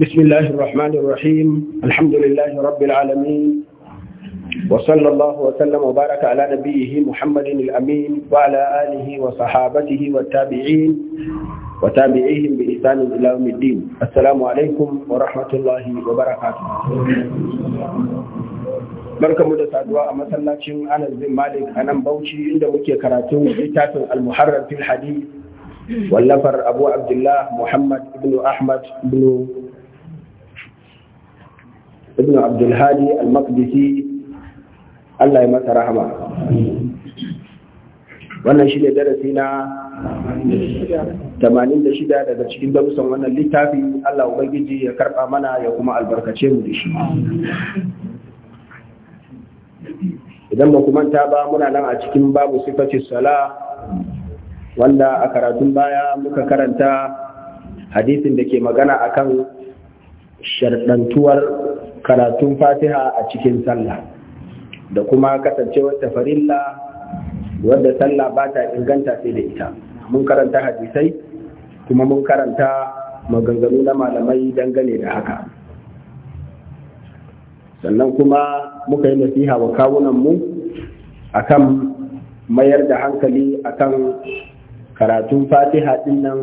بسم الله الرحمن الرحيم الحمد لله رب العالمين وصلى الله وسلم وبارك على نبيه محمد الأمين وعلى آله وصحابته والتابعين وتابعيهم بإحسان إلى يوم الدين السلام عليكم ورحمة الله وبركاته barkamu da saduwa a masallacin Anas bin Malik a nan Bauchi inda muke karatun littafin Al-Muharrar fil Hadith wallafar Abu Abdullah Muhammad ibn Ahmad ibn ibn abdulhadi al-maqdisi Allah ya masa rahama wannan shi ne darasi na 86 daga cikin darussan wannan littafi Allah ubangiji ya karba mana ya kuma albarkace mu da shi idan ba manta ba muna nan a cikin babu sifati sala wanda a karatun baya muka karanta hadisin da ke magana akan sharɗantuwar karatun fatiha a cikin sallah da kuma kasancewar tafarilla farilla wadda sallah ba ta inganta sai da ita mun karanta hadisai kuma mun karanta maganganu na malamai dangane da haka sannan kuma muka yi nasiha wa kawunanmu akan mayar da hankali akan karatun fatiha ɗin nan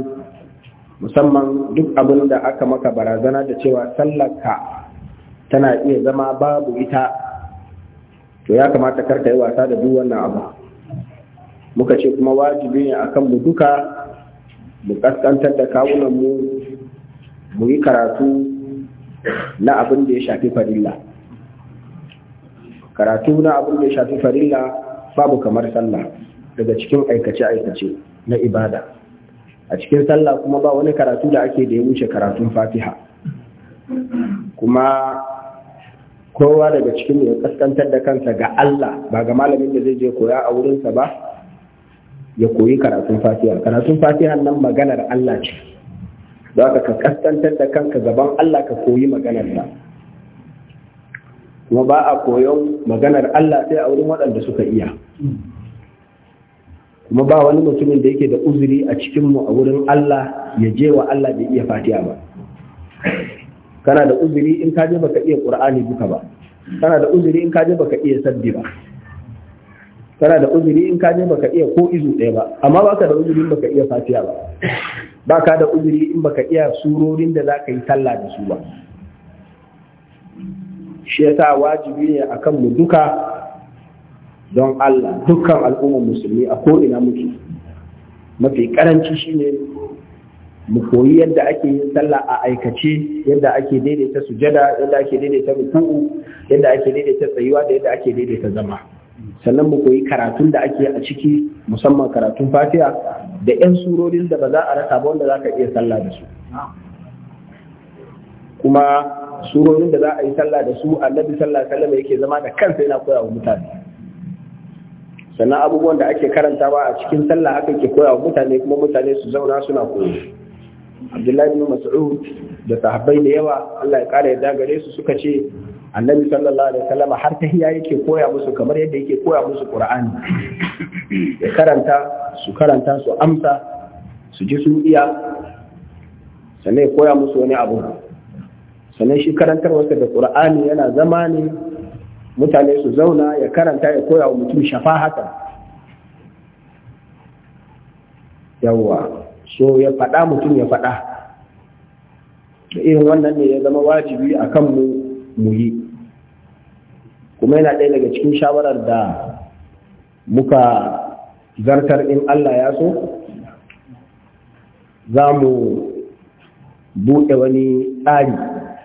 musamman duk abin da aka maka barazana da cewa sallarka tana iya zama babu ita to ya kamata karka yi wasa da duk wannan abu muka ce kuma wajibi ne akan mu duka mu kaskantar da kawunan mu mu yi karatu na abin da ya shafi farilla karatu na abin da ya shafi farilla babu kamar sallah daga cikin aikace-aikace na ibada a cikin sallah kuma ba wani karatu da ake da ya wuce karatun fatiha kuma kowa daga cikin ya kaskantar da kansa ga Allah ba ga malamin da zai je koya a wurinsa ba ya koyi karatun fatiha karatun fatiha nan maganar Allah ce don haka ka kaskantar da kanka gaban Allah ka koyi maganar maganarsa kuma ba a koyon maganar Allah sai a wurin waɗanda suka iya kuma ba wani mutumin da yake da uzuri a cikinmu a wurin Allah ya je wa Allah bai iya fatiya ba kana da uzuri in ka je baka iya qur'ani duka ba kana da uzuri in ka je baka iya sabbi ba kana da uzuri in ka je baka iya ko izu ɗaya ba amma baka da uzuri in baka iya fatiya ba baka da uzuri in baka iya surorin da zaka yi sallah da su ba shi yasa wajibi ne akan mu duka don Allah dukkan al'ummar musulmi a ko'ina muke mafi karanci shine mu koyi yadda ake yin sallah a aikace yadda ake daidaita sujada yadda ake daidaita ruku'u yadda ake daidaita tsayuwa da yadda ake daidaita zama sannan mu koyi karatun da ake a ciki musamman karatun fatiha da yan surorin da ba za a rasa ba wanda za ka iya sallah da su kuma surorin da za a yi sallah da su annabi sallallahu alaihi yake zama da kansa yana koya wa mutane sannan abubuwan da ake karanta ba a cikin sallah haka ke koya wa mutane kuma mutane su zauna suna koyo abdullahi bin mas'ud da sahabbai da yawa Allah ya kara yadda gare su suka ce annabi sallallahu alaihi wasallam har tahiyya yake koya musu kamar yadda yake koya musu qur'ani ya karanta su karanta su amsa su ji sun iya sannan ya koya musu wani abu sannan shi karantarwarsa da qur'ani yana zama ne mutane su zauna ya karanta ya koya wa mutum haka yawa so ya faɗa mutum ya faɗa da irin wannan ne ya zama wajibi a kan mu yi kuma yana ɗaya daga cikin shawarar da muka zartar in Allah ya so za mu buɗe wani tsari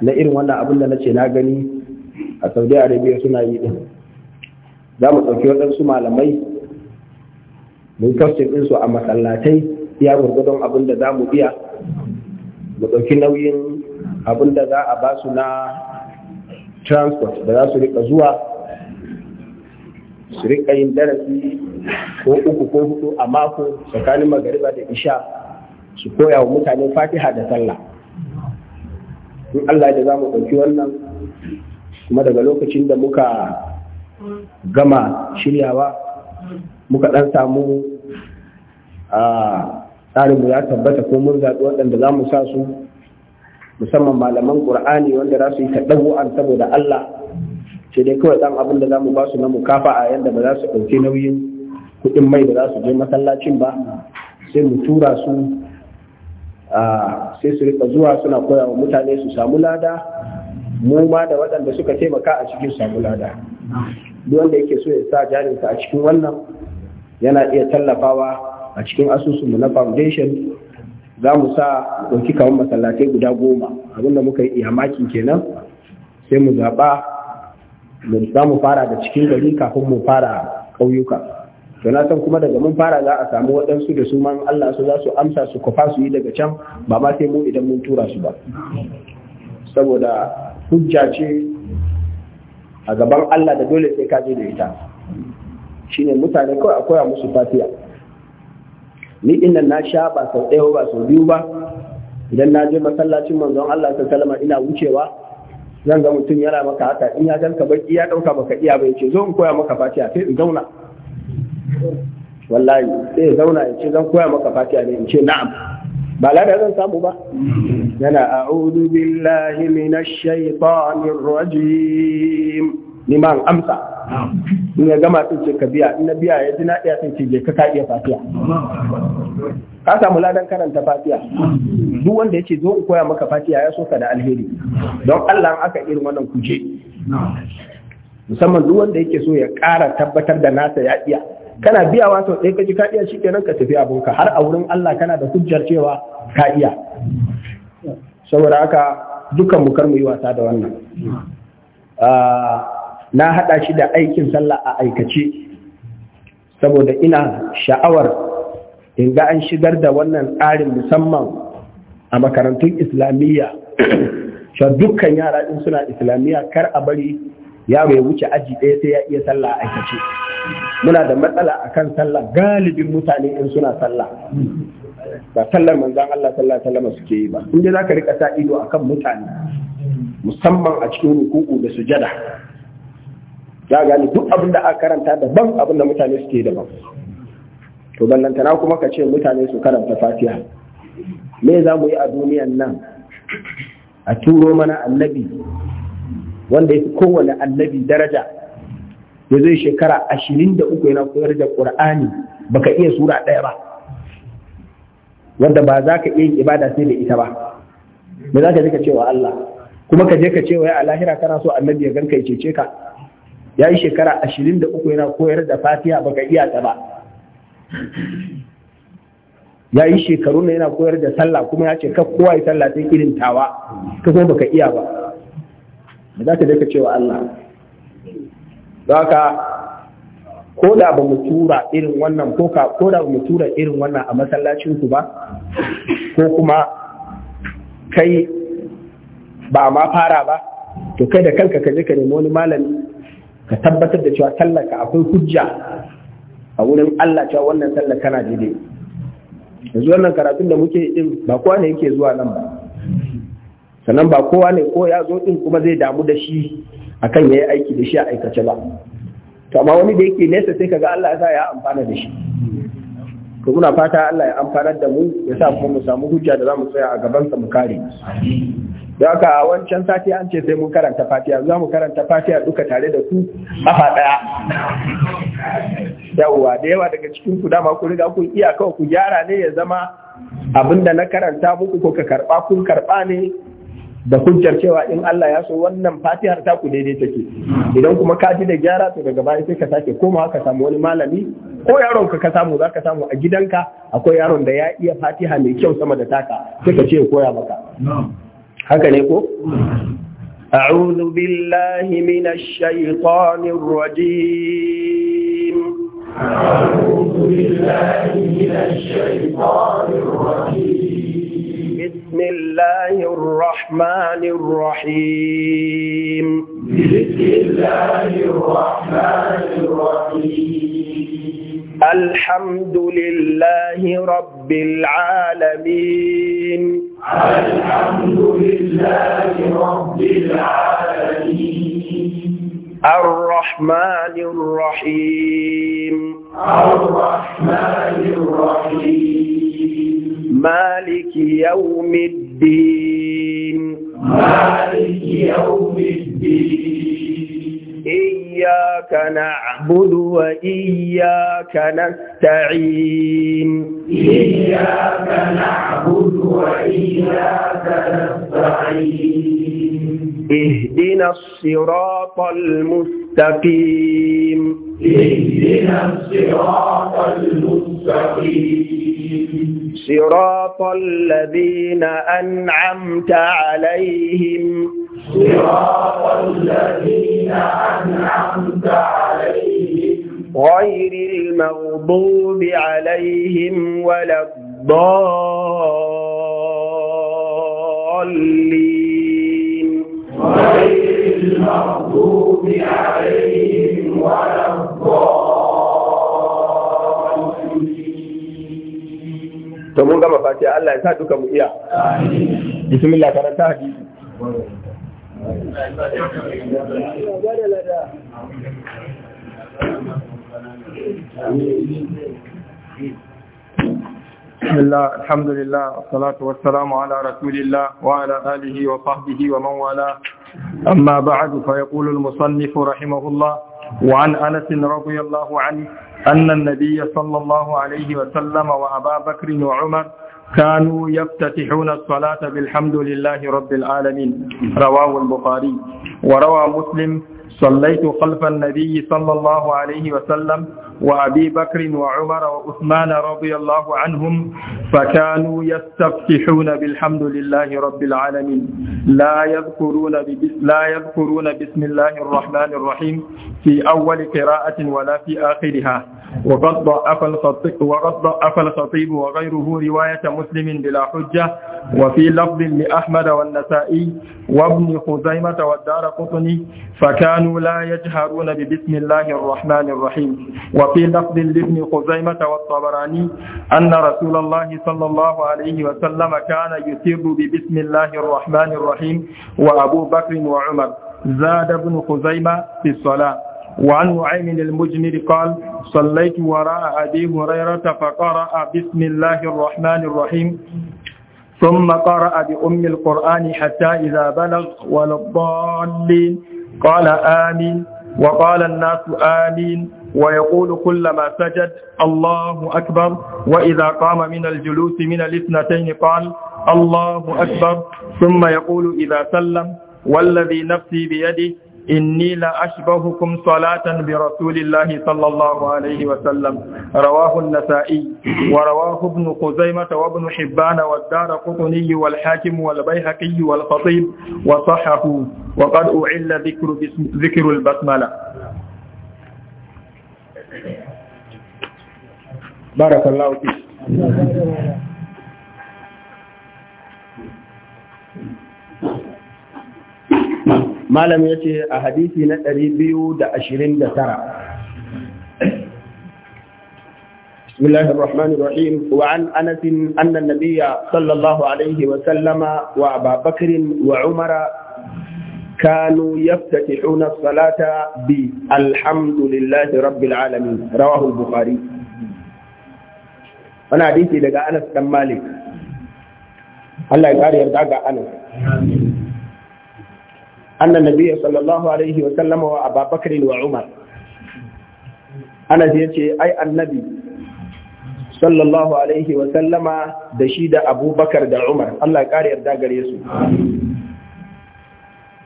na irin wannan abin da na ce na gani a saudi arabia suna yi din za mu ɗauki waɗansu malamai mun tafsir ɗinsu a masallatai iya gurgudun abin da za mu biya mu ɗauki nauyin abin da za a ba su na transport da za su riƙa zuwa su riƙa yin darasi ko uku ko hudu a mako tsakanin magariba da isha su koya wa mutane fatiha da sallah in allah da za mu ɗauki wannan kuma daga lokacin da muka gama shiryawa muka ɗan samu a tsarinmu ya tabbata ko mun zaɓi waɗanda za mu sa su musamman malaman ƙur'ani wanda za su yi an saboda Allah ce dai kawai ɗan abin da za mu ba su na mukafa a yadda ba za su ɗauki nauyin kuɗin mai da za su je masallacin ba sai mu tura su sai su riƙa zuwa suna koya wa mutane su samu lada mu ma da waɗanda suka taimaka a cikin samu lada duk wanda yake so ya sa jarinsa a cikin wannan yana iya tallafawa a cikin asusunmu na foundation za mu sa ɗauki kamar masallatai guda goma abinda muka yi iyamakin kenan sai mu zaɓa za mu fara da cikin gari kafin mu fara ƙauyuka to na san kuma daga mun fara za a samu waɗansu da su man Allah su za su amsa su kwafa su yi daga can ba ma sai mu idan mun tura su ba saboda hujja ce a gaban Allah da dole sai ka da ita shine mutane kawai a koya musu fatiya ni ina na sha ba sau ɗaya ba sau biyu ba idan na je masallacin manzon Allah ta salama ina wucewa zan ga mutum yana maka haka in ya ganka baki ya ɗauka baka iya bai ce, zo in koya maka fatiya sai in zauna wallahi sai zauna ya ce zan koya maka fatiya ne in ce na'am ba lada zan samu ba yana A'udu billahi minash shaitanir rajim liman amsa in ya gama sun ce ka biya in na biya ya ji na iya sun je ka ka iya fatiya ka samu ladan karanta fatiya duk wanda yake zo in koya maka fatiya ya soka da alheri don Allah aka irin wannan kuje musamman duk wanda yake so ya ƙara tabbatar da nasa ya iya kana biyawa sau ɗaya kaji ka iya shi kenan ka tafi abunka har a wurin Allah kana da hujjar cewa ka iya saboda haka dukan mu kar mu yi wasa da wannan ah, na haɗa shi da aikin sallah a aikace saboda ina sha'awar in ga an shigar da wannan tsarin musamman a makarantun islamiyya dukkan yara in suna islamiyya kar a bari yaro ya wuce aji ɗaya sai ya iya sallah a aikace muna da matsala akan sallah galibin mutane in suna sallah ba sallar manzan Allah sallah alaihi suke yi ba in za ka rika sa ido kan mutane musamman a cikin ruku'u da sujada Ya gani duk abin da aka karanta daban abin da mutane suke daban to ballantana kuma ka ce mutane su karanta fatiha me za mu yi a duniyan nan a turo mana annabi wanda ya fi kowane annabi daraja da zai shekara ashirin da uku yana koyar da ƙur'ani ka iya sura ɗaya ba wanda ba za ka iya ibada sai da ita ba Ba za ka je ka cewa Allah kuma ka je ka cewa ya alahira kana so annabi ya ganka ya cece ka ya yi shekara ashirin da uku yana koyar da fatiha ka iya ta ba ya yi shekaru na yana koyar da sallah kuma ya ce ka kowa yi sallah sai irin tawa ka kuma ka iya ba da za ka je ka cewa Allah za ka koda ba mu tura irin wannan ko ka koda ba mu tura irin wannan a masallacin ku ba ko kuma kai ba ma fara ba to kai da kanka ka je ka nemi wani malami ka tabbatar da cewa tallaka akwai hujja a wurin Allah cewa wannan sallar kana daidai yanzu wannan karatun da muke din ba kowa ne yake zuwa nan ba sannan ba kowa ne ko ya zo din kuma zai damu da shi a kan ya yi aiki da shi a aikace ba to amma wani da yake nesa sai kaga Allah ya sa ya amfana da shi to muna fata Allah ya amfana da mu ya sa kuma mu samu hujja da zamu tsaya a gaban sa mu kare don haka wancan sati an ce sai mun karanta fatiha za mu karanta Fatiya duka tare da ku kafa daya yawwa da yawa daga cikin ku dama ku riga kun iya kawai ku gyara ne ya zama abinda na karanta muku ko ka karba kun karɓa ne da kujjar cewa in Allah ya so wannan fatihar ta ku daidai take idan kuma ka ji da gyara to daga baya sai ka sake koma ka samu wani malami ko yaron ka ka samu za ka samu a gidanka akwai yaron da ya iya fatiha mai kyau sama da taka sai ka ce koya maka haka ne ko أعوذ بالله من الشيطان الرجيم أعوذ بالله من الشيطان الرجيم الله الرحمن الرحيم بسم الله الرحمن الرحيم الحمد لله رب العالمين الحمد لله رب العالمين الرحمن الرحيم الرحمن الرحيم مالك يوم الدين مالك يوم الدين إياك نعبد وإياك نستعين إياك نعبد وإياك نستعين اهدنا الصراط المستقيم اهدنا الصراط المستقيم صراط الذين أنعمت عليهم صراط الذين أنعمت غير المغضوب عليهم ولا الضالين غير المغضوب عليهم ولا الضالين تمون كما فاتي الله يسعدك مؤيا بسم الله تعالى تهديد بسم الله الحمد لله والصلاة والسلام على رسول الله وعلى آله وصحبه ومن والاه أما بعد فيقول المصنف رحمه الله وعن أنس رضي الله عنه أن النبي صلى الله عليه وسلم وأبا بكر وعمر كانوا يفتتحون الصلاة بالحمد لله رب العالمين رواه البخاري وروى مسلم صليت خلف النبي صلى الله عليه وسلم وأبي بكر وعمر وعثمان رضي الله عنهم فكانوا يستفتحون بالحمد لله رب العالمين لا يذكرون لا يذكرون بسم الله الرحمن الرحيم في أول قراءة ولا في آخرها وقد ضعف الخطيب وقد ضعف الخطيب وغيره رواية مسلم بلا حجة وفي لفظ لأحمد والنسائي وابن خزيمة والدار قطني فكانوا لا يجهرون ببسم الله الرحمن الرحيم وفي لفظ لابن خزيمة والطبراني أن رسول الله صلى الله عليه وسلم كان يسر ببسم الله الرحمن الرحيم وأبو بكر وعمر زاد ابن خزيمة في الصلاة وعن معين المجمر قال صليت وراء أبي هريرة فقرأ بسم الله الرحمن الرحيم ثم قرأ بأم القرآن حتى إذا بلغ والضالين قال آمين وقال الناس آمين ويقول كلما سجد الله أكبر وإذا قام من الجلوس من الاثنتين قال الله أكبر ثم يقول إذا سلم والذي نفسي بيده إني لأشبهكم صلاة برسول الله صلى الله عليه وسلم رواه النسائي ورواه ابن خزيمة وابن حبان والدار قطني والحاكم والبيهقي والخطيب وصحه وقد أعل ذكر, ذكر البسملة بارك الله فيك malam ya ce a hadisi na 229 bismillahir da rahim wa an anas anna nabiyya sallallahu alaihi wa sallama wa ababakr wa umar kanu yaftatihuna salata bi alhamdulillahi rabbil alamin rawahu bukhari wannan hadisi daga anas ɗan malik Allah ya kare yarda ga anas أن النبي صلى الله عليه وسلم وأبا بكر وعمر أنا زيتي أي النبي صلى الله عليه وسلم دشيد أبو بكر دا عمر الله قال يردا يسوع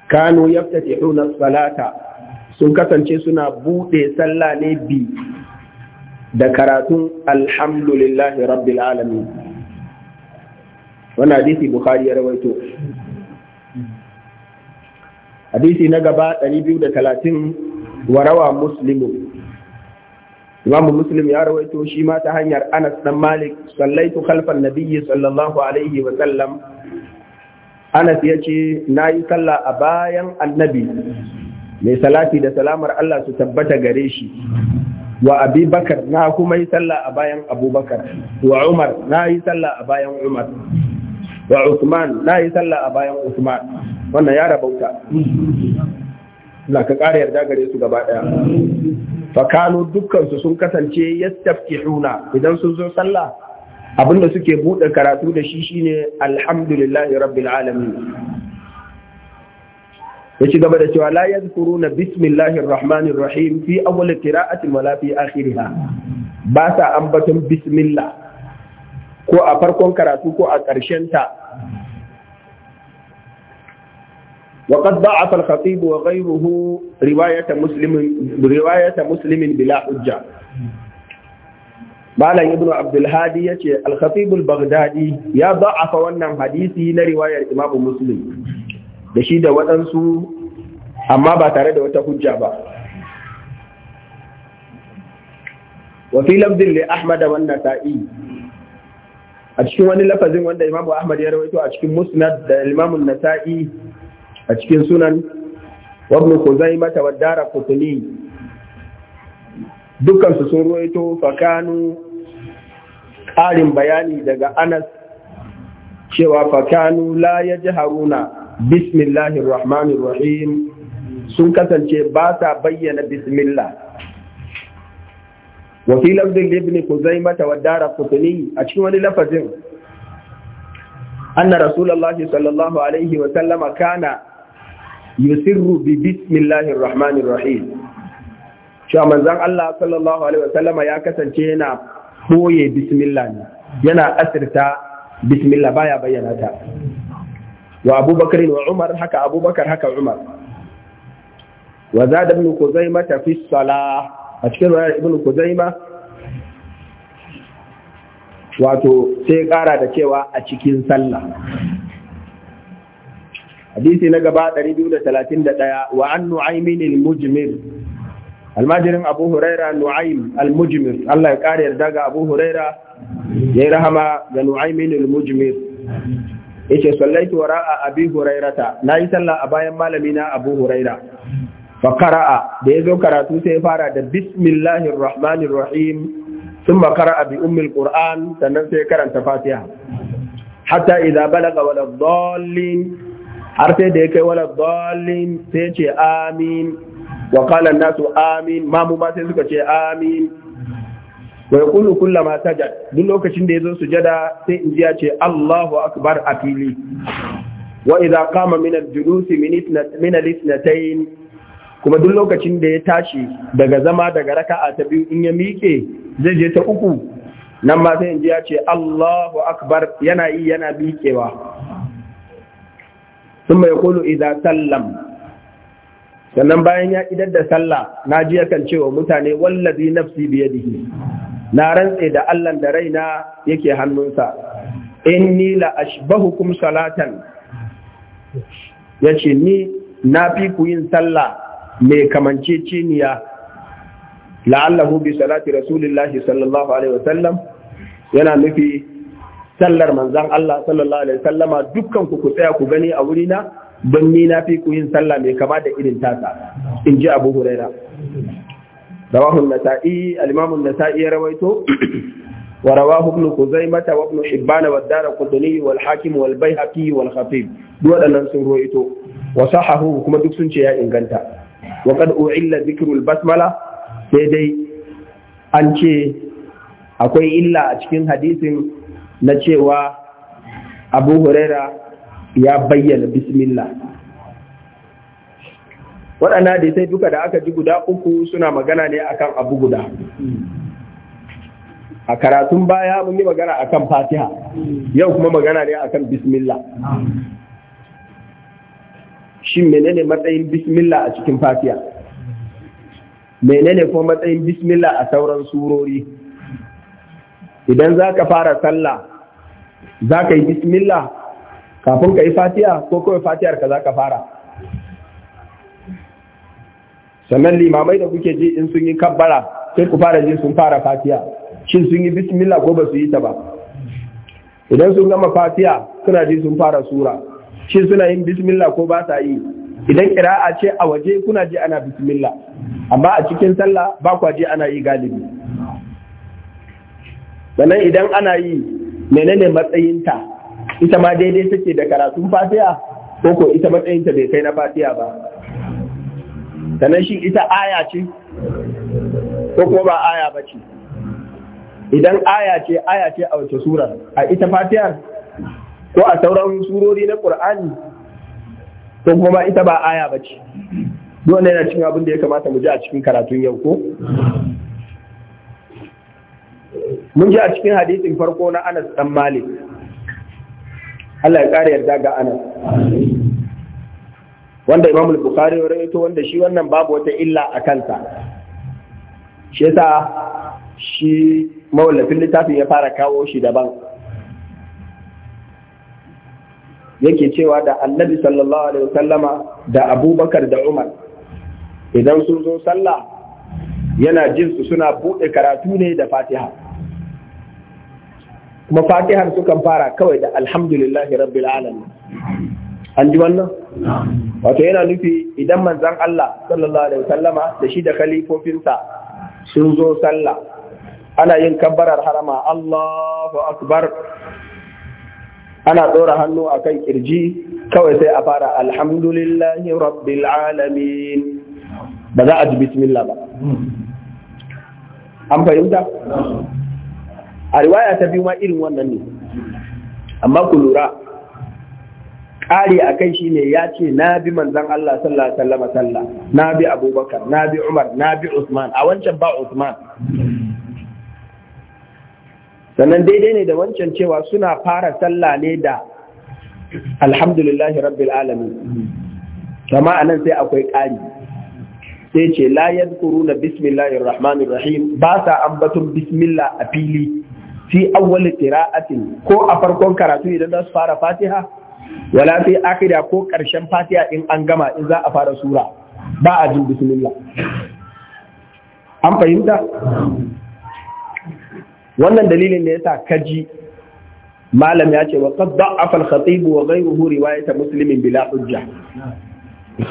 كانوا يفتتحون الصلاة sun kasance suna buɗe sallah ne bi da karatun alhamdulillahi rabbil alamin wannan hadisi bukhari ya rawaito hadisi na gaba 230 wa muslimu imamu muslim ya rawaito shi ma ta hanyar anas dan malik sallaitu khalfan nabiyyi sallallahu alaihi wa sallam anas ya ce na yi sallah a bayan annabi mai salati da salamar allah su tabbata gare shi wa abi bakar na kuma yi sallah a bayan abubakar wa umar na yi sallah a bayan umar wa usman na yi sallah a bayan usman wannan ya rabauta laka ka ƙara yarda gare su gaba ɗaya fakano dukkansu sun kasance yastaftihuna idan sun zo sallah abinda suke buɗe karatu da shi shine alhamdulillahi rabbil alamin ya ci gaba da cewa la kuruna bismillahir rahmanir rahim fi awwal wa la fi akhiriha ba sa ambaton bismillah ko a farkon karatu ko a ƙarshen ta وقد ضعف الخطيب وغيره رواية مسلم رواية مسلم بلا حجة Malam Ibn Abdulhadi ya ce, Alkhatibul Baghdadi ya za'afa wannan hadisi na riwayar Imam Muslim da shi da waɗansu amma ba tare da wata hujja ba. Wafi lafzin li Ahmad wa Nasa'i a cikin wani lafazin wanda Imam Ahmad ya rawaito a cikin Musnad da Imam Nasa'i a cikin sunan wabnu mata ta wadara kutuni dukkan su sun ruwaito fakanu ƙarin bayani daga anas cewa fakanu la ya ji haruna bismillahir rahmanir rahim sun kasance ba sa bayyana bismillah wa fi lafzin ibn kuzaima ta kutuni a cikin wani lafazin anna rasulullahi sallallahu alaihi wa sallama kana yusirru bi bismillahir rahmanir rahim cewa manzon Allah sallallahu alaihi wasallama ya kasance yana boye bismillah ne yana asirta bismillah baya bayyana ta wa abubakar wa umar haka abubakar haka umar wa zada ibn kuzaima ta fi salah a cikin wayar ibn kuzaima wato sai kara da cewa a cikin sallah hadisi na gaba ɗari 231 wa an nu'aymin al-mujmir abu huraira nu'aym al-mujmir Allah ya kare yarda ga abu huraira yayi rahama ga nu'aymin al-mujmir yace sallaitu wara'a abi hurairata nayi sallah a bayan malami na abu huraira fa qara'a da yazo karatu sai ya fara da bismillahir rahmanir rahim thumma qara'a bi ummil qur'an sannan sai ya karanta fatiha hatta idza balaga wal dallin har sai da ya kai wala dalin sai ce amin wa qala nasu amin mamu ma sai suka ce amin wa yaqulu kullama sajad duk lokacin da yazo sujada sai in ce Allahu akbar a fili wa idza qama min al-julusi min al-ithnatayn kuma duk lokacin da ya tashi daga zama daga raka'a ta biyu in ya miƙe zai je ta uku nan ma sai in ce Allahu akbar yana yi yana miƙewa sun mai kulu idan sallam sannan bayan ya idar da sallah na ji yakan cewa mutane wallazi nafsi biyadihi na rantse da Allah da raina yake hannunsa inni la ashbahukum salatan yace ni na fi ku yin sallah mai kamanceceniya la'allahu bi salati rasulillahi sallallahu alaihi wasallam yana nufi sallar manzan Allah sallallahu alaihi sallama dukkan ku ku tsaya ku gani a wurina don ni na fi ku yin sallah mai kama da irin tasa in ji Abu Huraira rawahu nasai al-Imam nasai ya rawaito wa rawahu Ibn Khuzaimah wa Ibn Hibban wa Ad-Darqutni wal Hakim wal Baihaqi wal Khatib duk waɗannan sun rawaito wa sahahu kuma duk sun ce ya inganta wa qad u'illa dhikrul basmala sai dai an ce akwai illa a cikin hadisin na cewa abu huraira ya bayyana bismillah waɗanda da sai duka da aka ji guda uku suna magana ne akan abu guda a karatun baya mun yi magana akan fatiha yau kuma magana ne akan bismillah shin menene matsayin bismillah a cikin fatiha menene kuma matsayin bismillah a sauran surori idan za ka fara sallah za ka yi bismillah kafin ka yi fatiha ko kawai fatiyar ka za ka fara sannan limamai da kuke ji in sun yi kabbara sai ku fara ji sun fara fatiha shin sun yi bismillah ko ba su yi ta ba idan sun gama fatiha suna ji sun fara sura shin suna yin bismillah ko ba sa yi idan kira'a ce a waje kuna ji ana bismillah amma a cikin sallah ba kwa ji ana yi galibi sannan idan ana yi menene matsayinta ita ma daidai take da karatun fatiha ko ko ita matsayinta bai kai na fatiha ba sannan shi ita aya ce ko ko ba aya ba ce idan aya ce aya ce a wace sura a ita fatiha ko a sauran surori na qur'ani ko kuma ita ba aya ba ce dole yana cikin abin da ya kamata mu ji a cikin karatun yau ko mun ji a cikin hadisin farko na Anas dan Malik Allah ya kare yarda ga Anas wanda Imam Bukhari ya rawaito wanda shi wannan babu wata illa a kansa shi yasa shi mawallafin littafin ya fara kawo shi daban yake cewa da Annabi sallallahu alaihi wasallama da Abubakar da Umar idan sun zo sallah yana jinsu suna buɗe karatu ne da Fatiha kuma fatihar sukan fara kawai da alhamdulillahi rabbil alamin an ji wannan wato yana nufi idan manzon Allah sallallahu alaihi wasallama da shi da khalifofinsa sun zo sallah ana yin kabbarar harama Allahu akbar ana ɗora hannu a kan ƙirji kawai sai a fara alhamdulillahi rabbil alamin ba za a ji bismillah ba an fahimta a riwaya ta biyu ma irin wannan ne amma ku lura ƙari a kai shi ne ya ce na bi manzan Allah sallallahu alaihi sallah na bi abubakar na bi umar na bi usman a wancan ba usman sannan daidai ne da wancan cewa suna fara sallah ne da alhamdulillahi rabbil alamin kama anan sai akwai ƙari sai ce la yadkuruna bismillahir rahmanir rahim ba sa ambaton bismillah a fili fi awwal qira'atin ko a farkon karatu idan za su fara fatiha wala fi akhira ko karshen fatiha in an gama in za a fara sura ba a jin bismillah an fahimta wannan dalilin ne yasa kaji malam ya ce wa qad da'afa al-khatib wa ghayruhu riwayat muslimin bila hujja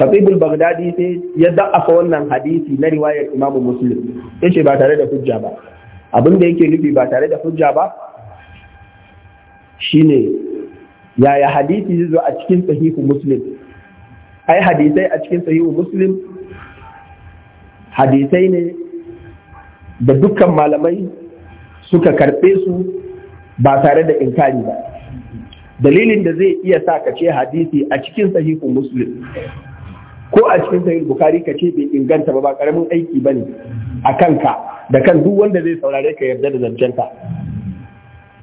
khatib al-baghdadi sai ya da'afa wannan hadisi na riwayar imam muslim yace ba tare da hujja ba abin da yake nufi ba tare da hujja ba shine yaya hadisi zai zo a cikin sahihu muslim ai hadisai a cikin sahihu muslim hadisai ne da dukkan malamai suka karɓe su ba tare da inkari ba dalilin da zai iya sa ka ce hadisi a cikin sahihu muslim ko a cikin sahih bukhari ka ce bai inganta ba ba karamin aiki bane a kanka da kan duk wanda zai saurare ka yarda da ka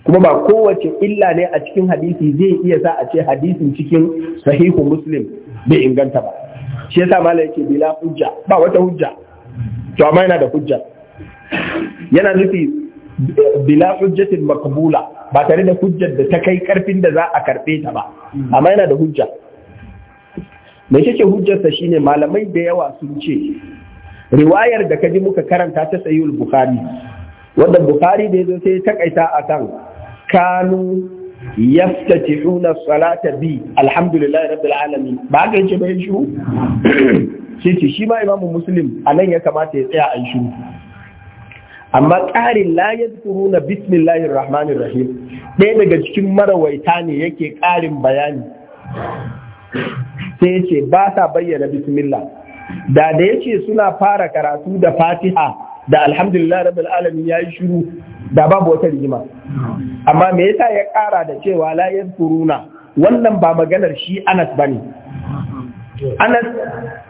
kuma ba kowace illa ne a cikin hadisi zai iya sa a ce hadisin cikin sahihu muslim bai inganta ba shi yasa mala yake bila hujja ba wata hujja to amma yana da hujja yana nufi eh, bila hujjatin makbula ba tare da hujjar da ta kai karfin da za a karbe ta ba amma yana da hujja mai kake hujjarsa shine malamai da yawa sun ce riwayar da kaji muka karanta ta sayyul bukhari wanda bukhari da yazo sai takaita akan kanu yaftatihuna salata bi alhamdulillahi rabbil alamin ba ga yace bai shi sai ce shi ma imamu muslim anan ya kamata ya tsaya a shi amma ƙarin la yadkuruna bismillahir rahmanir rahim ɗaya daga cikin marawaita ne yake ƙarin bayani sai ya ce ba sa bayyana bismillah da da ya suna fara karatu da fatiha da alhamdulillah rabbil alamin ya yi shiru da babu wata rigima amma me yasa ya kara da cewa la yadkuruna wannan ba maganar shi Anas bane Anas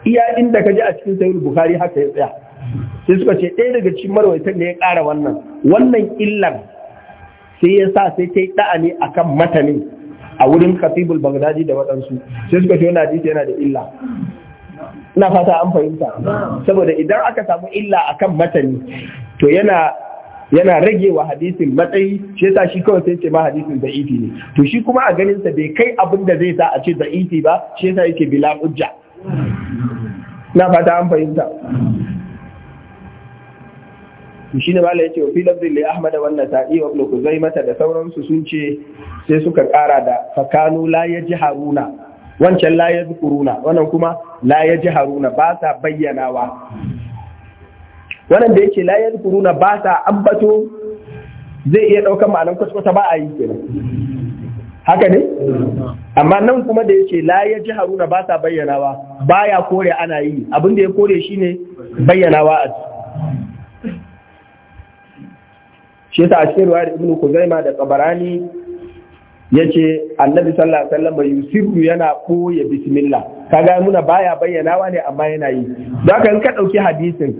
iya inda kaje a cikin sahih bukhari haka ya tsaya sai suka ce ɗaya daga cikin marwaitan da ya kara wannan wannan illar sai yasa sai ta yi ɗa'ani akan matanin a wurin khatibul bagdadi da waɗansu sai suka ce hadisi yana da illa ina fata an fahimta saboda idan aka samu illa akan matani to yana rage wa hadisin matsayi shi yasa shi kawai sai ce ma hadisin da'ifi ne to shi kuma a ganin sa bai kai abin da zai sa a ce da'ifi ba shi sa yake bila hujja na fata an fahimta shi ne malai ce wa fi lafzin li ahmad wa nasa'i wa zai mata da sauransu sun ce sai suka kara da fakanu la haruna wancan la yadhkuruna wannan kuma la haruna ba sa bayyanawa wannan da yake la yadhkuruna ba sa ambato zai iya ɗaukar ma'anar kwaskwata ba a yi kenan haka ne amma nan kuma da yake la haruna ba sa bayyanawa baya kore ana yi abin da ya kore shine bayyanawa a shi yasa a cikin da ibnu kuzaima da qabarani ce, annabi sallallahu alaihi wasallam yusirru yana koya bismillah kaga muna baya bayyanawa ne amma yana yi zaka in ka dauki hadisin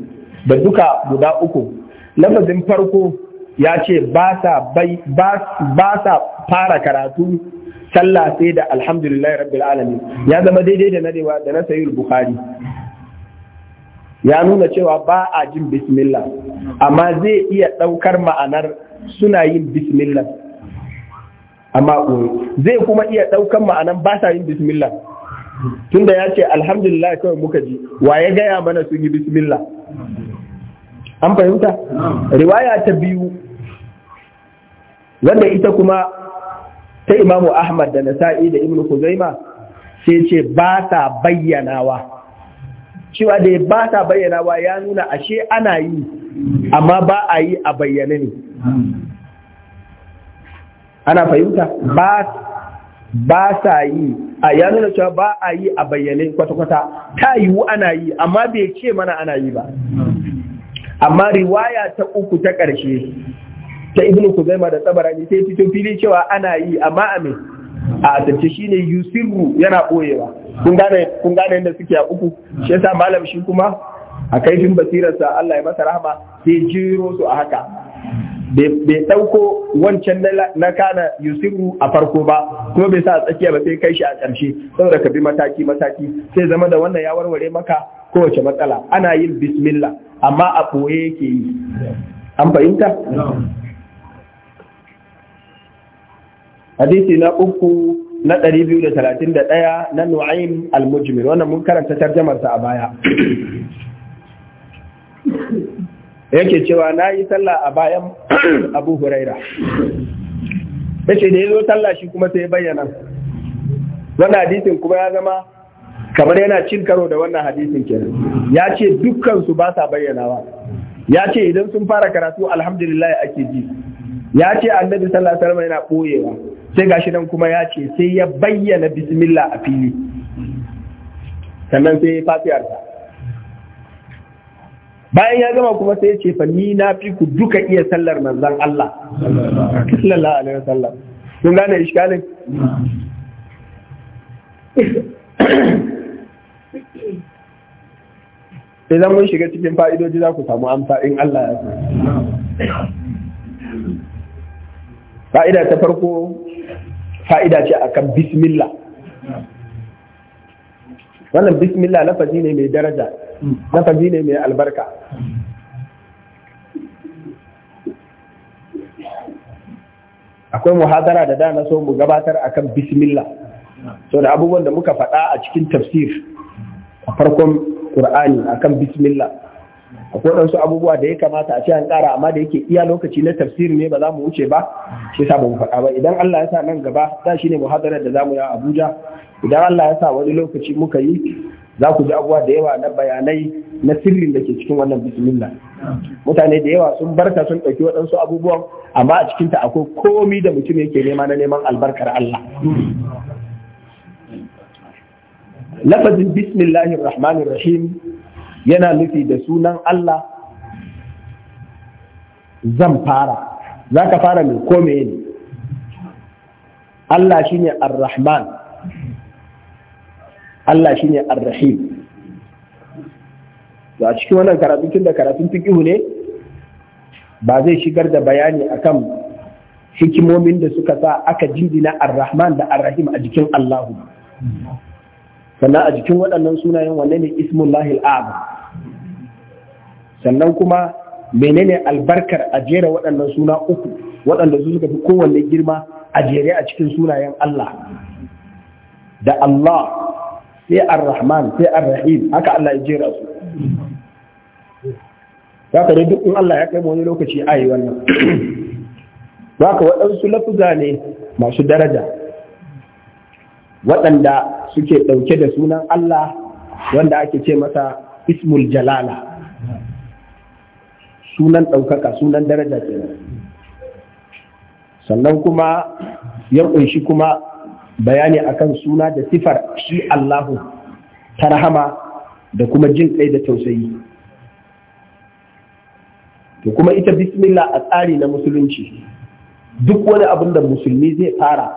da duka guda uku lafazin farko ya ce ba sa fara karatu sallah sai da alhamdulillah rabbil alamin ya zama daidai da nadewa da na sayi bukhari ya nuna cewa ba a jin bismillah amma zai iya ɗaukar ma'anar suna yin bismillah amma ƙoro zai kuma iya ɗaukar ma'anar ba sa yin bismillah tunda ya ce alhamdulillah kawai muka ji wa ya gaya mana sun yi bismillah an fahimta riwaya ta biyu wanda ita kuma ta imamu ahmad da nasa'i da ibnu kuzaima sai ce ba sa bayyanawa cewa da ba ta bayyana wa ya nuna ashe ana yi amma ba a yi a bayyane ne ana fahimta ba sa yi a ya nuna cewa ba a yi a bayyane kwata-kwata ta yiwu ana yi amma bai ce mana ana yi ba amma riwaya ta uku ta ƙarshe ta ibnu kuzaima da tsabarani sai fito fili cewa ana yi amma a a asirce ne yusirru yana boyewa kun gane yadda suke a uku shi yasa malam shi kuma a kaifin basirarsa Allah ya masa rahama sai jiro su a haka bai ɗauko wancan na kana yusiru a farko ba kuma bai sa a tsakiya ba sai kai shi a ƙarshe saboda ka bi mataki mataki sai zama da wannan ya warware maka kowace matsala ana yin bismillah amma a ɓoye yake yi an fahimta hadisi na uku na ɗari biyu da da talatin ɗaya na nu'aim al-Mujmir wannan mun karanta tarjamar a baya yake cewa na yi sallah a bayan Abu Huraira ce da ya zo sallah shi kuma sai bayyana wannan hadisin kuma ya zama kamar yana cin karo da wannan hadisin kenan ya ce dukkan su ba sa bayyanawa ya ce idan sun fara karatu alhamdulillah ake ji ya ce annabi sallallahu alaihi wasallam yana boyewa sai gashi nan kuma ya ce sai ya bayyana bismillah a fili sannan sai ya fatiyar ta bayan ya gama kuma sai ya ce fa ni na fi ku duka iya sallar manzon Allah sallallahu alaihi wasallam kun gane iskalin idan mun shiga cikin fa'idoji za ku samu amsa in Allah ya so fa'ida ta farko fa'ida ce akan bismillah wannan bismillah lafazi ne mai daraja lafazi ne mai albarka akwai muhadara da dana na so mu gabatar akan bismillah so da abubuwan da muka faɗa a cikin tafsir a farkon ƙur'ani akan bismillah akwai waɗansu abubuwa da ya kamata a ce an ƙara amma da yake iya lokaci na tafsiri ne ba za mu wuce ba shi yasa ba mu faɗa ba idan Allah ya sa nan gaba da shi ne muhadarar da za mu yi a Abuja idan Allah ya sa wani lokaci muka yi za ku ji abubuwa da yawa na bayanai na sirrin da ke cikin wannan bismillah mutane da yawa sun barka sun ɗauki waɗansu abubuwan amma a cikinta akwai komi da mutum yake nema na neman albarkar Allah lafazin bismillahir rahmanir rahim yana nufi da sunan Allah zan fara za ka fara mai kome ne Allah shi ne ar-Rahman Allah shi ne ar-Rahim a cikin wannan karatun tun da karatun fiƙihu ne ba zai shigar da bayani akan hikimomin da suka sa aka jingina ar-Rahman da ar-Rahim a jikin Allahu sannan a jikin waɗannan sunayen wanne ne ismullahi al'azam sannan kuma menene albarkar a jera waɗannan suna uku waɗanda su suka fi kowanne girma a jere a cikin sunayen Allah da Allah sai ar-Rahman sai ar-Rahim haka Allah ya jera su za ka duk in Allah ya kai wani lokaci a yi wannan za ka waɗansu lafuza ne masu daraja waɗanda suke ɗauke da sunan Allah wanda ake ce masa ismul jalala sunan ɗaukaka sunan daraja kenan sannan kuma ya ƙunshi kuma bayani akan suna da sifar shi Allahu ta rahama da kuma jin kai da tausayi to kuma ita bismillah a tsari na musulunci duk wani abin da musulmi zai fara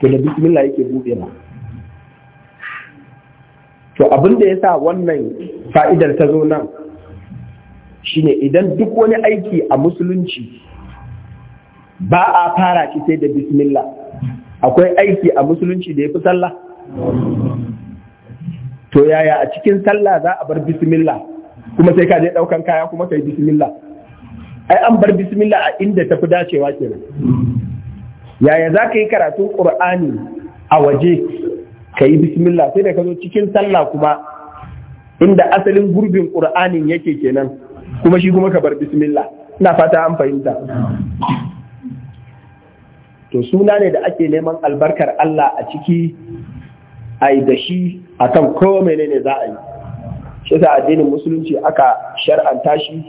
to da bismillah yake buɗe ba to abin da ya sa wannan fa'idar ta zo nan shine idan duk wani aiki a musulunci ba a fara shi sai da bismillah akwai aiki a musulunci da ya fi sallah to yaya a cikin sallah za a bar bismillah kuma sai ka je ɗaukan kaya kuma kai bismillah ai an bar bismillah a inda ta fi dacewa kenan yaya za ka yi karatun ƙur'ani a waje ka yi bismillah sai da ka zo cikin sallah kuma inda asalin gurbin ƙur'anin yake kenan kuma shi kuma ka bar bismillah ina fata an fahimta to suna ne da ake neman albarkar Allah a ciki a yi da shi a kan ne ne za a yi shi sa addinin musulunci aka shar'anta shi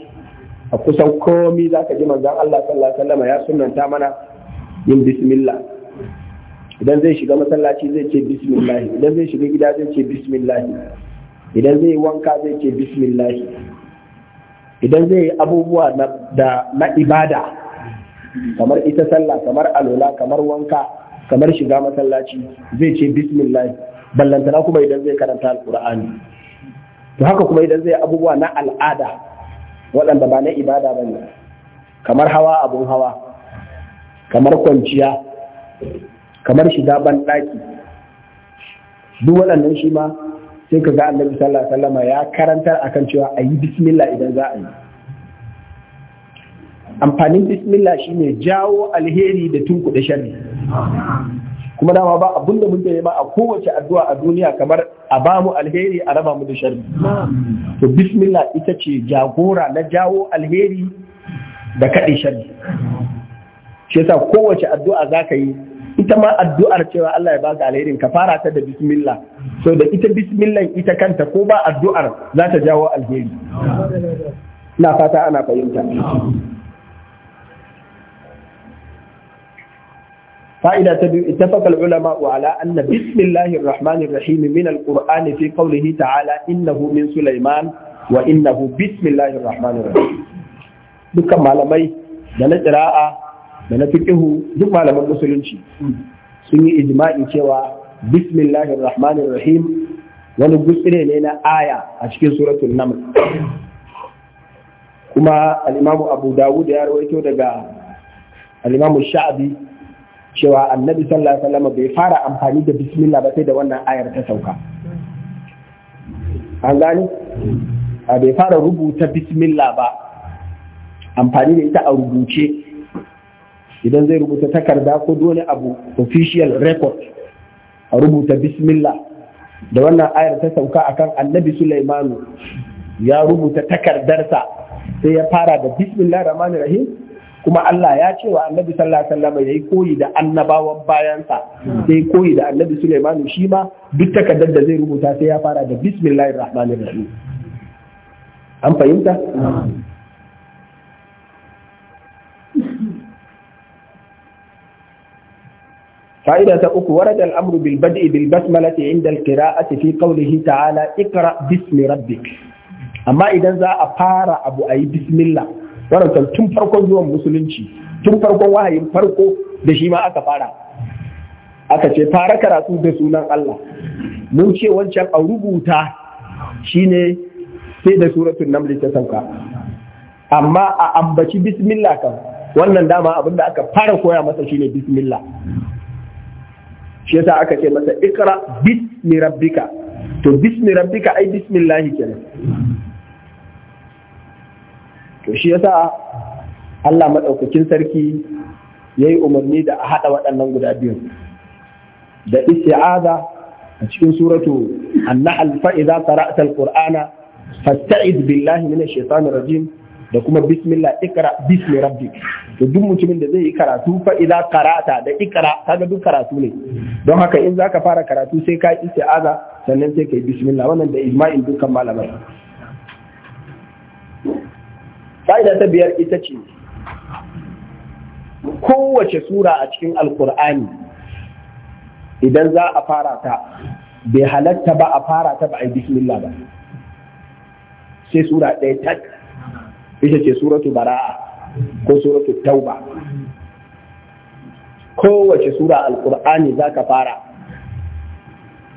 a kusan komi za ka ji manzan Allah sallallahu alaihi wasallam ya sunanta mana yin bismillah idan zai shiga masallaci zai ce bismillah idan zai shiga gida zai ce bismillah idan zai wanka zai ce bismillah idan zai yi abubuwa na ibada kamar ita sallah kamar alola kamar wanka kamar shiga masallaci zai ce bismillah ballantana kuma idan zai karanta alkur'ani to haka kuma idan zai abubuwa na al'ada waɗanda ba na ibada ba ne kamar hawa abun hawa kamar kwanciya kamar shiga banɗaki duk waɗannan shi ma sai ka ga annabi sallallahu alaihi wasallam ya karantar akan cewa a yi bismillah idan za a yi amfanin bismillah shine jawo alheri da tunkuɗe sharri kuma dama ba abin da muke ba a kowace addu'a a duniya kamar a ba mu alheri a raba mu da sharri to bismillah ita ce jagora na jawo alheri da kaɗe sharri shi yasa kowace addu'a za ka yi ita ma addu'ar cewa Allah ya baka alherin ka fara ta da bismillah so da ita bismillah ita kanta ko ba addu'ar za ta jawo alheri na fata ana fahimta فائدة تبي اتفق العلماء على أن بسم الله الرحمن الرحيم من القرآن في قوله تعالى إنه من سليمان وإنه بسم الله الرحمن الرحيم دكا مالمي دنا قراءة da na fiƙihu duk malaman musulunci sun yi ijma'i cewa "Bismillahi rahmanir rahim wani gutsire ne na aya a cikin suratun naml kuma Alimamu Abu abu dawud ya rawaito daga Alimamu Sha'abi cewa annabi sallallahu alaihi wasallam bai fara amfani da bismillah ba sai da wannan ayar ta sauka an gani bai fara rubuta bismillah ba amfani da ita a rubuce idan zai rubuta takarda ko dole abu official record a rubuta bismillah da wannan ayar ta sauka a kan annabi Sulaimanu ya rubuta takardarsa sai ya fara da bismillah rahman rahim kuma Allah ya ce wa annabi sallallahu alaihi wasallam yayi koyi da annabawan bayansa sai koyi da annabi Sulaimanu shi ma duk takardar da zai rubuta sai ya fara da bismillahir rahmanir rahim an fahimta fa'ida ta uku warada al'amru bil bad'i bil basmalati inda al-qira'ati fi qawlihi ta'ala iqra amma idan za a fara abu ayi bismillah wannan tun farkon zuwan musulunci tun farkon wahayin farko da shi ma aka fara aka ce fara karatu da sunan Allah mun ce wancan a'rubuta rubuta shine sai da suratul naml ta sauka amma a ambaci bismillah kan wannan dama abin da aka fara koya masa shine bismillah shi yasa aka ce masa ikra bismi rabbika to bismi rabbika ai bismillah kenan to shi yasa Allah madaukakin sarki yayi umarni da a hada waɗannan guda biyu da isti'aza a cikin suratu an-nahl fa idza qara'ta al-qur'ana fasta'id billahi minash shaitanir rajim da kuma bismillah ikra bismi rabbi. to duk mutumin da zai yi karatu fa idza qara'ta da ikra kaga duk karatu ne don haka in zaka fara karatu sai ka isti'aza sannan sai kai bismillah wannan da ijma'in dukkan malamai fa'ida ta biyar ita ce kowace sura a cikin alkur'ani idan za a fara ta bai halatta ba a fara ta ba a yi bismillah ba sai sura ɗaya ta. ita ce suratu bara'a ko suratu tauba kowace sura alkur'ani za ka fara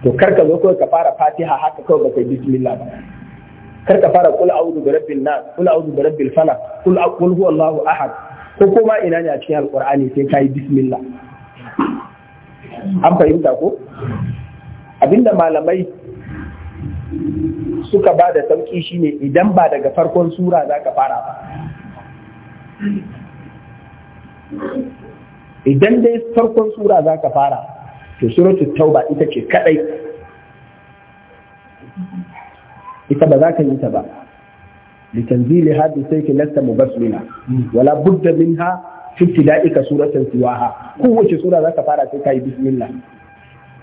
to kar ka zo kawai ka fara fatiha haka kawai baka bismillah ba kar ka fara kul a'udhu bi rabbin nas kul a'udhu bi rabbil falaq kul aqul huwallahu ahad ko kuma ina ne a cikin alkur'ani sai kai bismillah an fahimta ko abinda malamai suka ba da sauƙi shine idan ba daga farkon sura za ka fara ba idan dai farkon sura za ka fara to suratul tauba ita ce kadai ita ba za ka yi ta ba litanzili hadu sai ki lasta mu Basmina. wala budda minha fi ibtida'ika suratan siwaha kowace sura za ka fara sai ka yi bismillah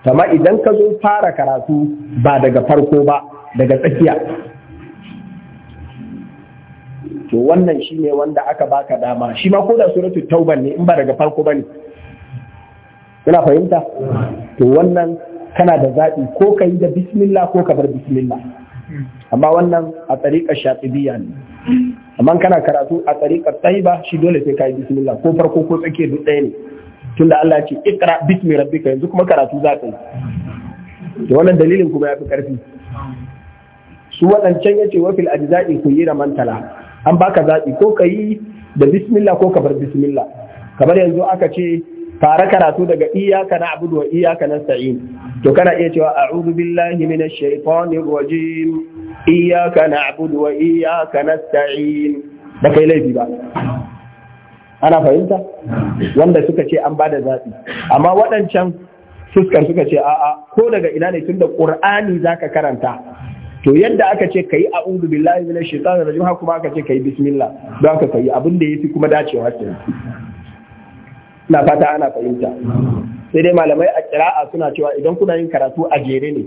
Kama idan ka zo fara karatu ba daga farko ba daga tsakiya. To wannan shi ne wanda aka baka dama, shi ma ko da suratul tauban ne in ba daga farko ba ne. Kuna fahimta? To wannan kana da zaɓi ko ka yi da bismillah ko ka bar bismillah. Amma wannan a tsariƙar shatsibiya ne. Amma kana karatu a tsayi ba shi dole sai ka yi bismillah ko farko ko tsakiya duk ɗaya ne. tunda Allah ce ikra bismi rabbika yanzu kuma karatu za ka yi wannan dalilin kuma ya fi karfi su waɗancan yace wa fil ajza'i da mantala, an baka zaɓi ko ka yi da bismillah ko ka bar bismillah kamar yanzu aka ce fara karatu daga iyyaka na'budu wa iyyaka nasta'in to kana iya cewa a'udhu billahi minash shaitanir rajim iyyaka na'budu wa iyyaka nasta'in ba kai laifi ba ana fahimta wanda suka ce an bada zaɓi amma waɗancan fuskar suka ce a'a ko daga ina ne tunda ƙur'ani zaka karanta to yadda aka ce kayi a'udhu billahi minash shaitanir rajim haka kuma aka ce yi, bismillah don aka kai abin da yafi kuma dacewa ce na fata ana fahimta sai dai malamai a kira'a suna cewa idan kuna yin karatu a jere ne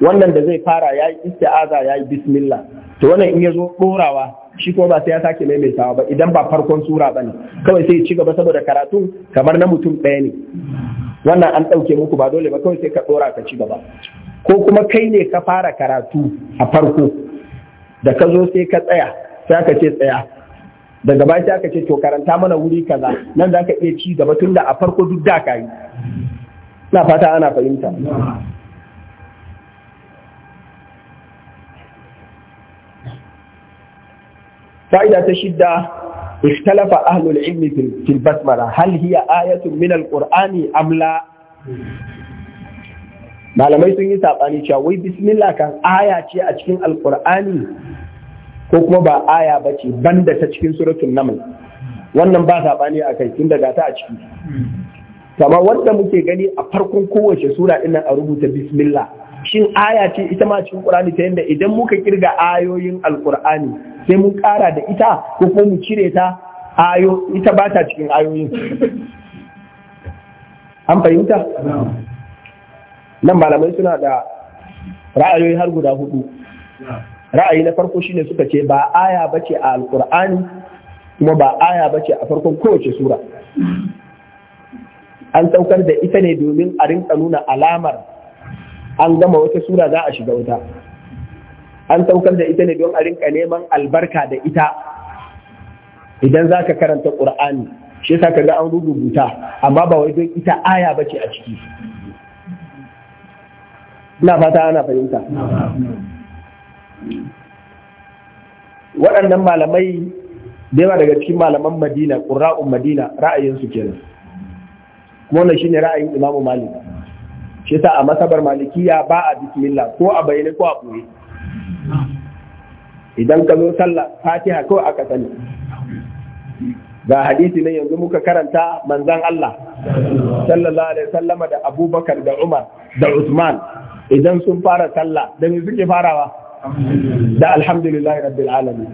wannan da zai fara yayi isti'aza yayi bismillah to wannan in ya zo dorawa shi kuma ba sai ya sake maimaitawa ba idan ba farkon sura bane kawai sai ci gaba saboda karatu kamar na mutum ɗaya ne wannan an ɗauke muku ba dole ba kawai sai ka ɗora ka ci gaba ko kuma kai ne ka fara karatu a farko da ka zo sai ka tsaya sai aka ce tsaya daga baya sai aka ce to karanta mana wuri kaza nan za ka iya ci gaba tunda a farko duk da ka yi na fata ana fahimta fa'ida ta shidda ikhtalafa ahlul ilmi fil basmala hal hiya ayatun min alqur'ani am malamai sun yi sabani cewa wai bismillah kan aya ce a cikin alqur'ani ko kuma ba aya bace banda ta cikin suratul naml wannan ba sabani akai tun daga ta a ciki kama wanda muke gani a farkon kowace sura ina a rubuta bismillah shin aya ce ita ma cikin Qur'ani ta yanda idan muka kirga ayoyin Alqur'ani sai mun ƙara da ita ko kuma mu cire ta ayo ita ba ta cikin ayoyin an fahimta nan malamai suna da ra'ayoyi har guda hudu ra'ayi na farko shine suka ce ba aya bace a alqur'ani kuma ba aya bace a farkon kowace sura an saukar da ita ne domin a rinka nuna alamar an gama wata sura za a shiga wuta an saukar da ita ne don a rinka neman albarka da ita idan za ka karanta ƙur'ani shi yasa kaga an rubuta amma ba wai don ita aya ba ce a ciki ina fata ana fahimta waɗannan malamai da yawa daga cikin malaman madina ƙura'un madina ra'ayinsu kenan kuma wannan shine ra'ayin imamu malik shi sa a masabar malikiya ba a bismillah ko a bayyane ko a ɓoye idan ka zo sallah fatiha ko aka sani ga hadisi ne yanzu muka karanta manzan Allah sallallahu alaihi sallama da abubakar da umar da usman idan sun fara sallah da me suke farawa da alhamdulillahi rabbil alamin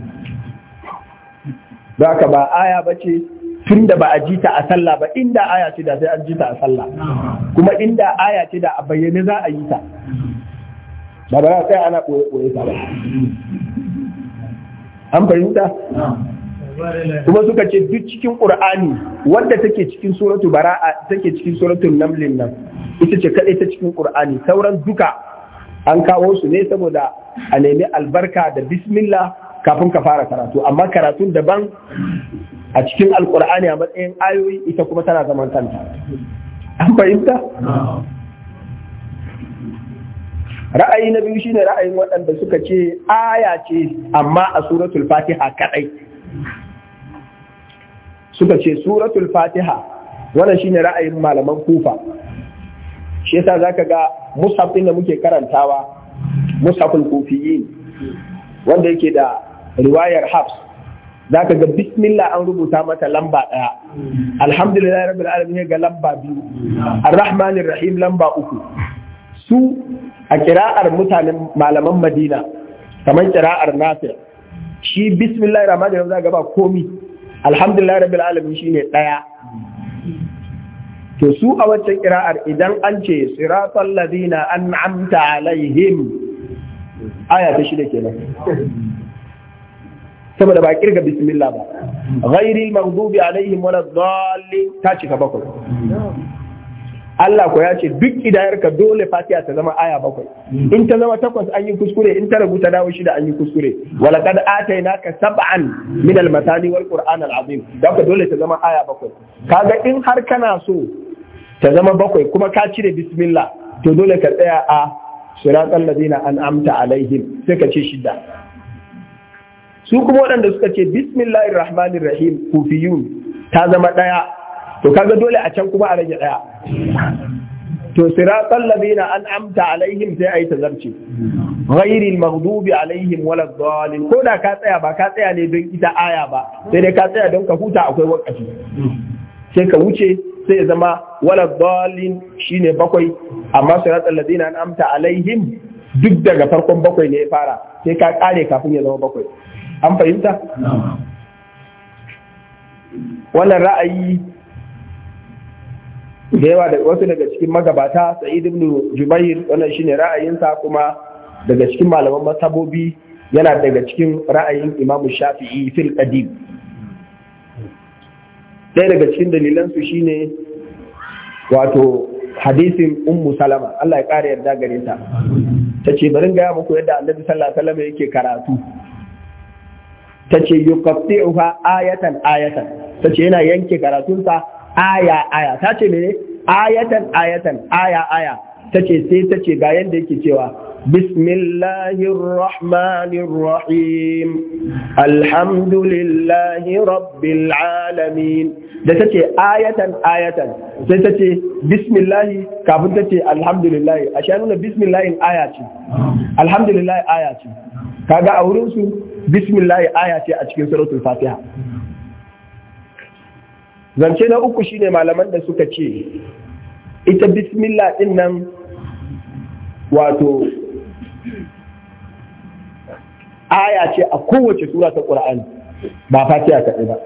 ba ka ba aya bace Tunda ba a ji ta a sallah ba inda aya ce da sai an ji ta a sallah kuma inda aya ce da a bayyane za a yi ta ba ba sai ana koye koye ta ba an fahimta kuma suka ce duk cikin qur'ani wanda take cikin suratu bara'a take cikin suratu namlin nan ita ce kadai ta cikin qur'ani sauran duka an kawo su ne saboda a nemi albarka da bismillah kafin ka fara karatu amma karatun daban a cikin alkur'ani a matsayin ayoyi ita kuma tana zaman kanta an fahimta ra'ayi na biyu shine ra'ayin waɗanda suka ce aya ce amma a suratul fatiha kadai suka ce suratul fatiha wannan shine ra'ayin malaman kufa shi yasa zaka ga mushaf da muke karantawa mushaful kufiyi wanda yake da riwayar hafs za ka ga bismillah an rubuta mata lamba ɗaya alhamdulillah rabbil alamin ga lamba biyu arrahmanir rahim lamba uku su a kira'ar mutanen malaman madina kamar kira'ar nasir shi bismillah rahmanir rahim za ga ba komi alhamdulillah rabbil alamin shine ɗaya to su a wacce kira'ar idan an ce siratal ladina an'amta alaihim aya ta shida kenan saboda ba kirga bismillah ba ghairil maghdubi alaihim wala dhalin ta cika bakwai Allah ko ya ce duk ka dole fatiha ta zama aya bakwai in ta zama takwas an yi kuskure in ta ragu ta dawo shida an yi kuskure wala kad atainaka sab'an min al masani wal qur'an al azim ka dole ta zama aya bakwai kaga in har kana so ta zama bakwai kuma ka cire bismillah to dole ka tsaya a siratal ladina amta alaihim sai ka ce shida su kuma waɗanda suka ce bismillahir rahmanir rahim kufiyun ta zama ɗaya to kaga dole a can kuma a rage ɗaya to siratal ladina an'amta alaihim sai ayi tazarci ghairil maghdubi alaihim walad dhalin ko da ka tsaya ba ka tsaya ne don ita aya ba sai dai ka tsaya don ka huta akwai wakati sai ka wuce sai ya zama walad dhalin shine bakwai amma siratal ladina an'amta alaihim duk daga farkon bakwai ne ya fara sai ka kare kafin ya zama bakwai an fahimta wannan ra'ayi da yawa da wasu daga cikin magabata sa'id ibn jubair wannan shine ra'ayinsa kuma daga cikin malaman masabobi yana daga cikin ra'ayin imamu shafi'i fil qadim ɗaya daga cikin dalilansu shine wato hadisin ummu salama Allah ya ƙara yarda gare ta ta ce bari gaya muku yadda annabi sallallahu alaihi wasallam yake karatu ta ce uha ayatan ayatan ta ce yana yanke karatunsa aya aya ta ce mene ayatan ayatan aya aya ta ce sai ta ce ga yanda yake cewa Bismillahirrahmanirrahim alhamdulillahi rabbil alamin da ta ce ayatan ayatan sai ta ce bismillahi kafin ta ce alhamdulillahi a sha nuna bismillahi aya ce alhamdulillahi aya ce kaga a wurin su bismillah aya ce a cikin suratul fatiha zance na uku shine malaman da suka ce ita bismillah din nan wato aya ce a kowace sura ta qur'ani ba fatiha kaɗai ba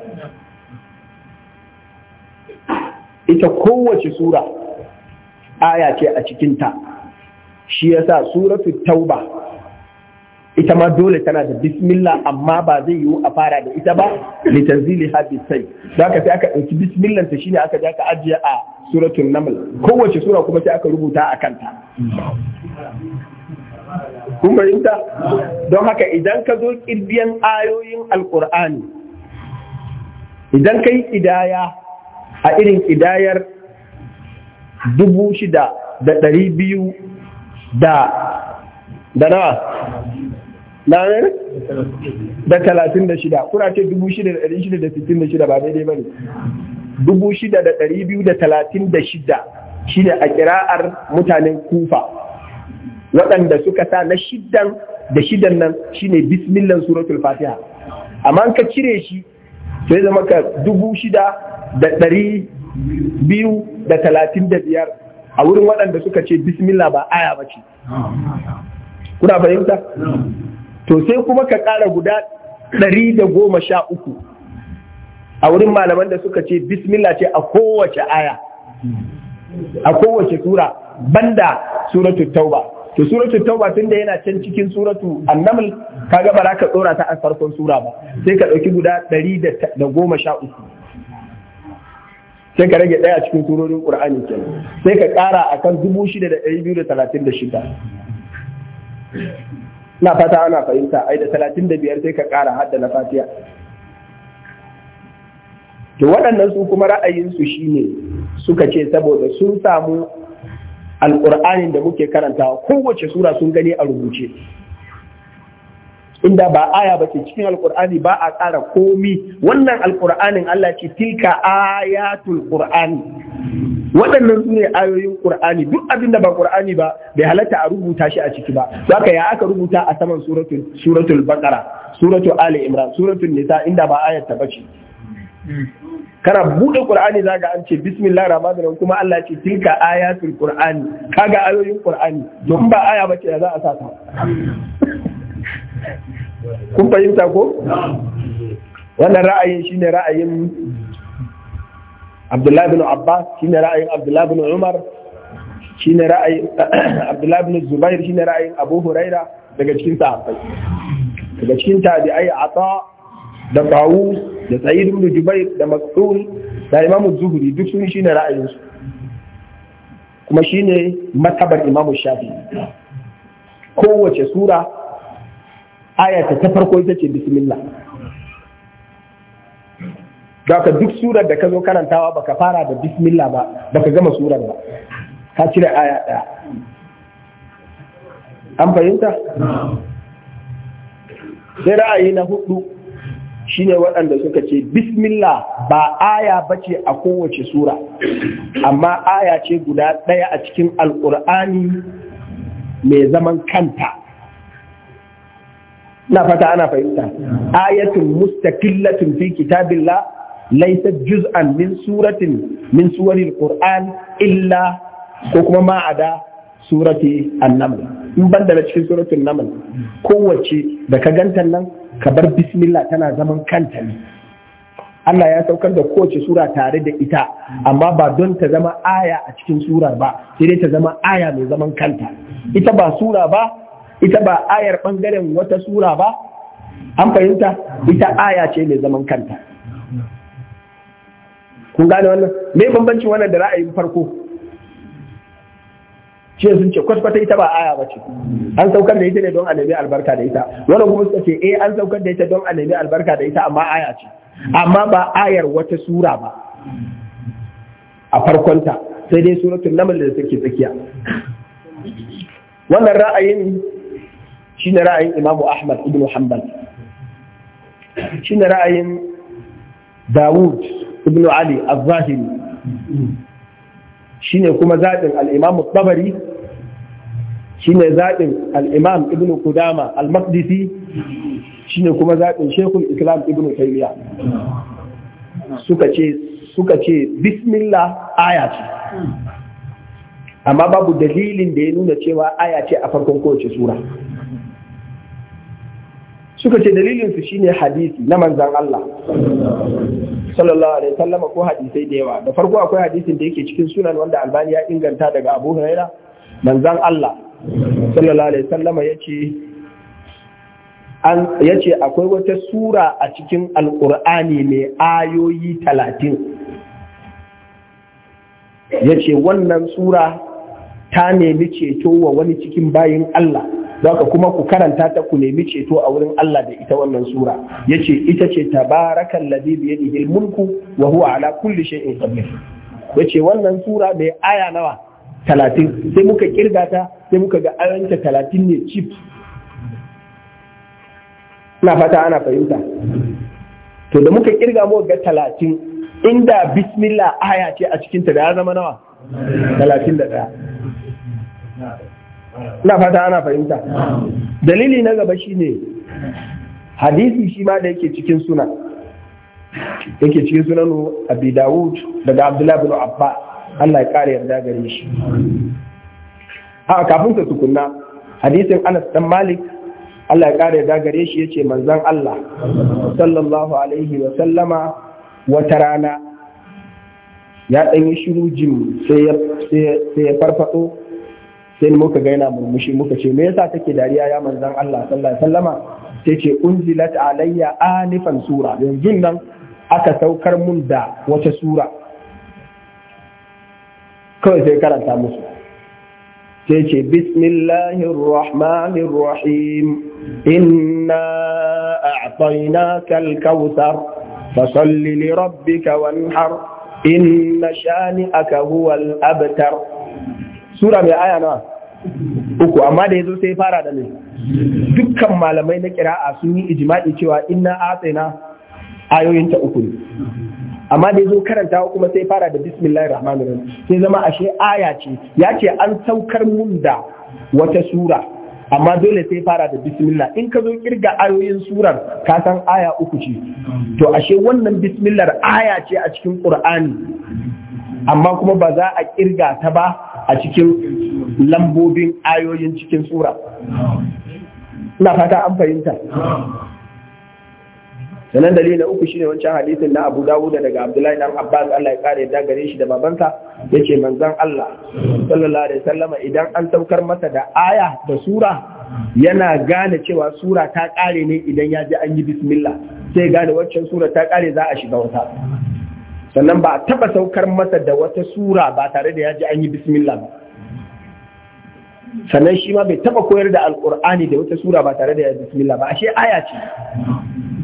ita kowace sura aya ce a ta shi yasa suratu tauba ita ma dole tana da bismillah amma ba zai yiwu a fara da ita ba li tanzili hadis sai da ka sai aka dauki bismillah ta shine aka ja ka ajiye a suratul naml kowace sura kuma sai aka rubuta a kanta Kuma fahimta don haka idan ka zo kirbiyan ayoyin alqur'ani idan kai idaya a irin idayar dubu shida da ɗari biyu da da nawa na ne? da talatin da shida kuna ce dubu shida da ɗari shida da sittin da shida ba daidai ba ne dubu shida da ɗari biyu da talatin da shida shi ne a kira'ar mutanen kufa waɗanda suka sa na shidan da shidan nan shi ne bismillan suratul fatiha amma ka cire shi sai zama ka dubu shida da ɗari biyu da talatin da biyar a wurin waɗanda suka ce bismillah ba aya ba ce kuna fahimta to sai kuma ka ƙara guda ɗari da goma sha uku a wurin malaman da suka ce bismillah ce a kowace aya a kowace sura banda suratul tauba to suratul tauba tun da yana can cikin suratu annaml ka ba za ka tsora ta a farkon sura ba sai ka ɗauki guda ɗari da goma sha uku sai ka rage ɗaya cikin surorin ƙur'ani ke. sai ka ƙara akan dubu shida da ɗari biyu da talatin da shida na fata ana fahimta ai da talatin da biyar sai ka ƙara hadda na fatiya to waɗannan su kuma ra'ayinsu ne suka ce saboda sun samu al'ur'anin da muke karantawa kowace sura sun gani a rubuce inda ba aya ba ce cikin alkur'ani ba a ƙara komi wannan alkur'anin Allah ce tilka ayatul qur'ani waɗannan su ne ayoyin qur'ani duk abin da ba qur'ani ba bai halatta a rubuta shi a ciki ba haka ya aka rubuta a saman suratul suratul baqara suratul ali imran suratul nisa inda ba ayat ta bace kana buɗe qur'ani zaka an ce bismillahir rahmanir kuma Allah ce tilka ayatul qur'ani kaga ayoyin qur'ani don ba aya bace za a sa ta kun fahimta ko wannan ra'ayin shi ne ra'ayin Abdullahi bin shi ne ra'ayin Abdullahi bin Umar ne ra'ayin Abdullahi bin Zubair ne ra'ayin Abu Huraira daga cikin sahabbai daga cikin tabi'ai Ata da Qawu da Sa'id bin Jubair da Maktul da Imam Zuhri duk sun shi ne ra'ayin su kuma shi ne matabar Imam Shafi'i kowace sura ayata ta farko ita ce bismillah da ka duk surar da ka zo karantawa baka fara da bismillah ba baka gama surar ba ka cire aya ɗaya an fahimta sai ra'ayi na hudu shine waɗanda suka ce bismillah ba aya bace a kowace sura amma aya ce guda ɗaya a cikin Alkur'ani mai zaman kanta na fata ana fahimta ayatun mustaqillatin fi kitabillah laysa juz'an min suratin min suwaril qur'an illa ko kuma ma ada surati an in banda da cikin suratul naml kowace da ka ganta nan ka bar bismillah tana zaman kanta ne Allah ya saukar da kowace sura tare da ita amma ba don ta zama aya a cikin surar ba sai dai ta zama aya mai zaman kanta ita ba sura ba ita ba ayar ɓangaren wata sura ba an fahimta ita aya ce mai zaman kanta kun gane wannan me bambancin wannan da ra'ayin farko ce sun ce kwaskwata ita ba aya ba ce an saukar da ita ne don a nemi albarka da ita wannan kuma suka ce eh an saukar da ita don a nemi albarka da ita amma aya ce amma ba ayar wata sura ba a farkonta sai dai suratul namal da suke tsakiya wannan ra'ayin shine ra'ayin imamu Ahmad ibn Hanbal shine ra'ayin Dawud ibn Ali az-Zahiri shine kuma zaɓin al'imamu Tabari shine zaɓin Al'imam ibn Kudama al-Maqdisi shine kuma zaɓin Shekul Islam ibn Taymiyyah suka ce bismillah aya ce amma babu dalilin da ya nuna cewa aya ce a farkon kowace sura suka ce dalilinsu shine hadisi na manzan Allah sallallahu alaihi wasallam ko hadisai da yawa da farko akwai hadisin da yake cikin sunan wanda albani ya inganta daga abu huraira manzan Allah sallallahu alaihi wasallam yace an yace akwai wata sura a cikin alqur'ani mai ayoyi talatin yace wannan sura ta nemi ceto wa wani cikin bayin Allah zaka kuma ku karanta ta ku nemi ceto a wurin Allah da ita wannan sura yace ita ce tabarakal ladhi bi yadihi mulku wa huwa ala kulli shay'in qadir yace wannan sura mai aya nawa talatin sai muka kirga ta sai muka ga ayanta talatin ne cip, ina fata ana fahimta to da muka kirga mu ga talatin inda bismillah aya ce a cikinta da ya zama nawa talatin da ɗaya ina fata ana fahimta dalili na gaba shi ne hadisi shi ma da yake cikin suna yake cikin sunan abi dawud daga abdullahi bin abba Allah ya kare yarda gare shi a kafin ka tukunna hadisin anas dan malik Allah ya kare yarda gare shi yace manzan Allah sallallahu alaihi wa sallama wata rana ya ɗanyi shiru jim sai ya farfaɗo sai muka ga yana murmushi muka ce me yasa take dariya ya manzon Allah sallallahu alaihi wasallama sai ce unzilat alayya anifan sura yanzu nan aka saukar mun da wata sura kawai sai karanta musu sai ce bismillahir rahmanir rahim inna a'tainaka al-kautsar fasalli li rabbika wanhar inna shani'aka huwal abtar sura mai aya nawa uku amma da yazo sai fara da mai dukkan malamai na kira'a sun yi ijma'i cewa inna atsaina ayoyin ta uku ne amma da yazo karanta kuma sai fara da bismillahir rahmanir rahim sai zama ashe aya ce ya ce an saukar mun da wata sura amma dole sai fara da bismillah in ka zo kirga ayoyin surar ka san aya uku ce to ashe wannan bismillah aya ce a cikin qur'ani amma kuma ba za a kirga ta ba a cikin lambobin ayoyin cikin sura ina fata an fahimta sannan dalilin na uku shine wancan hadisin na Abu Dawuda daga Abdullahi dan Abbas Allah ya kare da gare shi da babansa yace manzan Allah sallallahu alaihi wasallama idan an saukar masa da aya da sura yana gane cewa sura ta kare ne idan ya ji an yi bismillah sai gane waccan sura ta kare za a shiga wata sannan ba a taba saukar masa da wata sura ba tare da ya ji an yi bismillah ba sannan shi ma bai taba koyar da alkur'ani da wata sura ba tare da bismillah ba ashe aya ce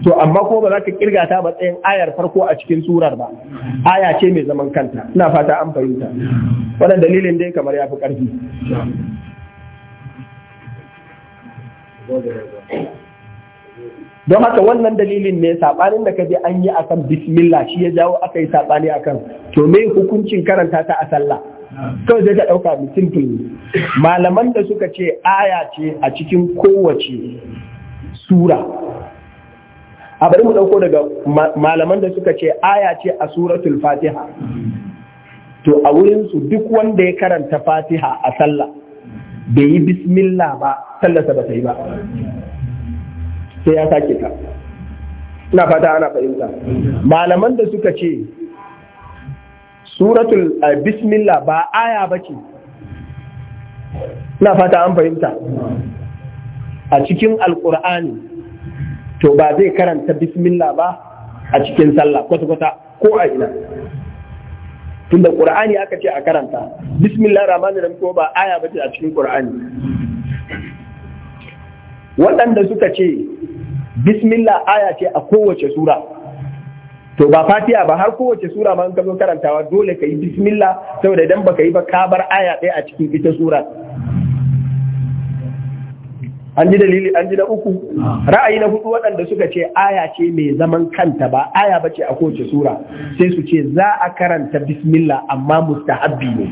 to amma ko ba za ka kirga ta matsayin ayar farko a cikin surar ba aya ce mai zaman kanta ina fata an fahimta wannan dalilin dai kamar ya fi ƙarfi don haka wannan dalilin ne saɓanin da ka kaje an yi akan bismillah shi ya jawo aka yi saɓani akan to me hukuncin karanta ta a sallah kawai zai ka ɗauka mai simple malaman da suka ce aya ce a cikin kowace sura a bari mu ɗauko daga malaman da suka ce aya ce a suratul fatiha to a wurinsu duk wanda ya karanta fatiha a sallah bai yi bismillah ba sallasa ba ta yi ba sai ya sake ta ina fata ana fahimta malaman da suka ce suratul eh, bismillah ba aya ba ce na fata an fahimta a cikin alkur'ani to ba zai karanta bismillah ba a cikin sallah kwata-kwata ko a ina tunda ƙura'ani aka ce a karanta bismillah rahmanir ko ba aya ba ce a cikin ƙura'ani waɗanda suka ce bismillah aya ce a kowace sura to ba Fatiya ba har kowace sura ma in ka zo karantawa dole ka yi bismillah saboda idan baka yi ba ka bar aya ɗaya a cikin ita sura an ji dalili an ji na uku ra'ayi na hudu waɗanda suka ce aya ce mai zaman kanta ba aya ba ce a kowace sura sai su ce za a karanta bismillah amma mustahabbi ne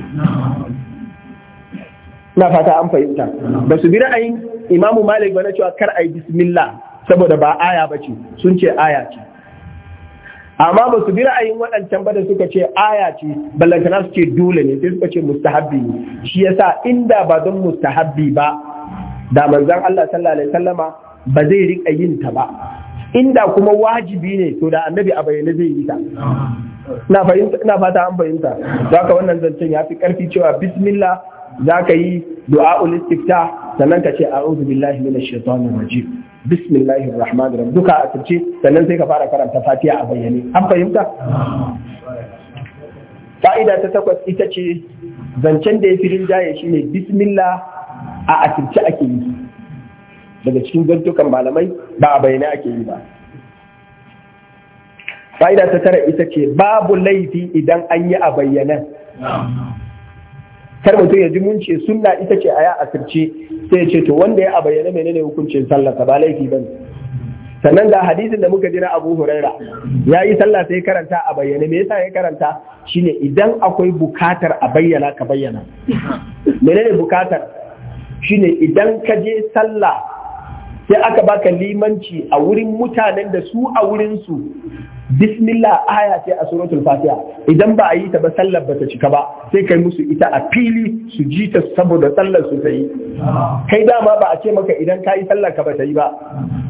na fata an fahimta ba su bi ra'ayin imamu malik ba na cewa kar a yi bismillah saboda ba aya ba ce sun ce aya ce amma ba su bi ra'ayin waɗancan ba da suka ce aya ce ballantana su ce dole ne sai suka ce mustahabbi ne shi yasa inda ba don mustahabbi ba da manzon Allah sallallahu alaihi wasallama ba zai rika yin ta ba inda kuma wajibi ne to da annabi a bayyane zai yi ta na fahimta ina fata an fahimta zaka wannan zancen ya fi karfi cewa bismillah zaka yi du'a ul istifta sannan ka ce a'udhu billahi minash shaitanir rajim bismillahir rahmanir duka a turce sannan sai ka fara karanta fatiha a bayyane an fahimta fa'ida ta takwas ita ce zancen da ya fi rinjaye shine bismillah a asirce ake yi daga cikin gantukan malamai ba a bayyane ake yi ba fa'ida ta tara ita ce babu laifi idan an yi a bayyane kar mutum ya ji mun sunna ita ce a ya asirce sai ya ce to wanda ya bayyana menene hukuncin sa ba laifi ne. sannan da hadisin da muka ji na Abu Huraira ya yi sallah sai karanta a bayyane me yasa ya karanta shine idan akwai bukatar a bayyana ka bayyana menene bukatar shine idan ka je sallah sai aka baka limanci a wurin mutanen da su a wurin su bismillah aya ce a suratul fatiha idan ba a yi ta ba sallar ba ta cika ba sai kai musu ita a fili su ji ta saboda sallar su ta yi kai dama ba a ce maka idan ka yi sallar ka ba ta yi ba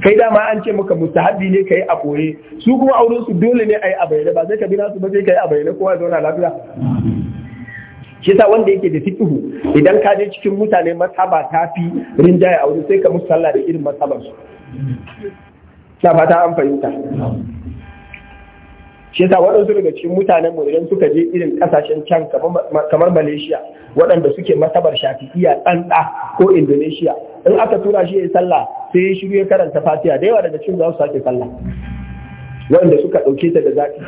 kai dama an ce maka mustahabi ne ka yi a koye su kuma auren su dole ne a yi a ba sai ka bi nasu ba sai ka yi a bayyane kowa zauna lafiya shi sa wanda yake da fiqhu idan ka je cikin mutane masaba ta fi rinjaye a wuri sai ka musu sallah da irin masabar su ta fata an fahimta shi sa waɗansu daga cikin mutanen mu idan suka je irin ƙasashen can kamar Malaysia waɗanda suke masabar shafi'iya ɗanɗa ko Indonesia in aka tura shi ya yi sallah sai ya shiru ya karanta fatiha da yawa daga cikin za su sake sallah waɗanda suka ɗauke ta da zafi.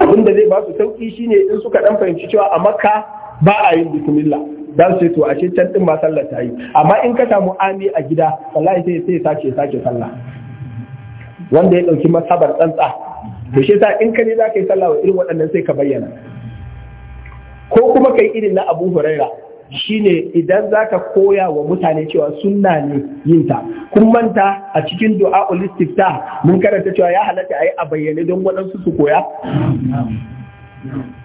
abin da zai ba su shi ne in suka ɗan fahimci cewa a makka ba a yin bismillah dan sai to ashe can din ma sallar ta yi amma in ka samu ami a gida wallahi sai sai sace sace sallah wanda ya dauki masabar tsantsa to shi yasa in ka ne zaka sallah wa irin waɗannan sai ka bayyana ko kuma kai irin na Abu Huraira shine idan za ka koya wa mutane cewa sunna ne yin ta kun manta a cikin du'a ulistifta mun karanta cewa ya halatta yi a bayyane don waɗansu su koya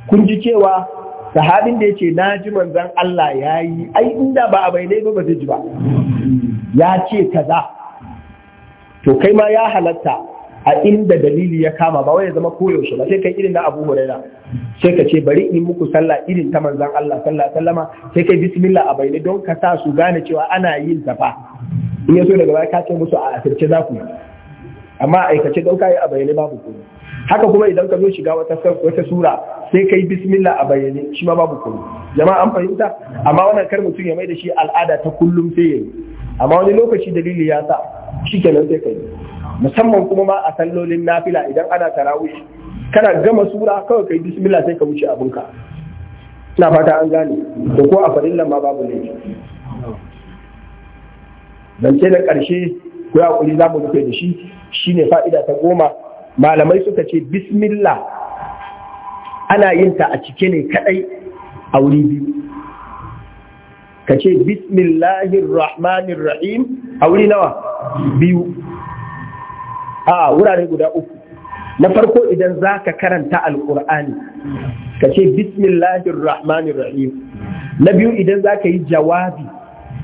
kun ji cewa sahabin da ya ce na ji manzan Allah ya yi ai inda ba a bayyane ba ba zai ji ba ya ce kaza to kai ma ya halatta a inda dalili ya kama ba wai ya zama koyaushe ba sai kai irin na Abu Huraira sai ka ce bari in muku sallah irin ta manzon Allah sallallahu alaihi wasallama sai kai bismillah a bayyane don ka sa su gane cewa ana yin zafa in yaso daga baya ka ce musu a asirce za ku amma aikace don yi a bayyane babu komai haka kuma idan ka zo shiga wata wata sura sai kai bismillah a bayyane shi ma babu komai jama'a an fahimta amma wannan kar mutum ya mai da shi al'ada ta kullum sai yayi amma wani lokaci dalili ya sa shi kenan sai kai musamman kuma ma a sallolin nafila idan ana tarawih kana gama sura kawai kai bismillah sai ka wuce abinka ina fata an gane ko a farillan ma babu dan ce da karshe ku ya kuri za mu rufe da shi shine fa'ida ta goma malamai suka ce bismillah ana yin ta a cike ne kadai a wuri biyu ka ce bismillahir rahmanir rahim a wuri nawa biyu a wurare guda uku na farko idan za ka karanta alkur'ani ka ce bismillahir rahmanir rahim na biyu idan za ka yi jawabi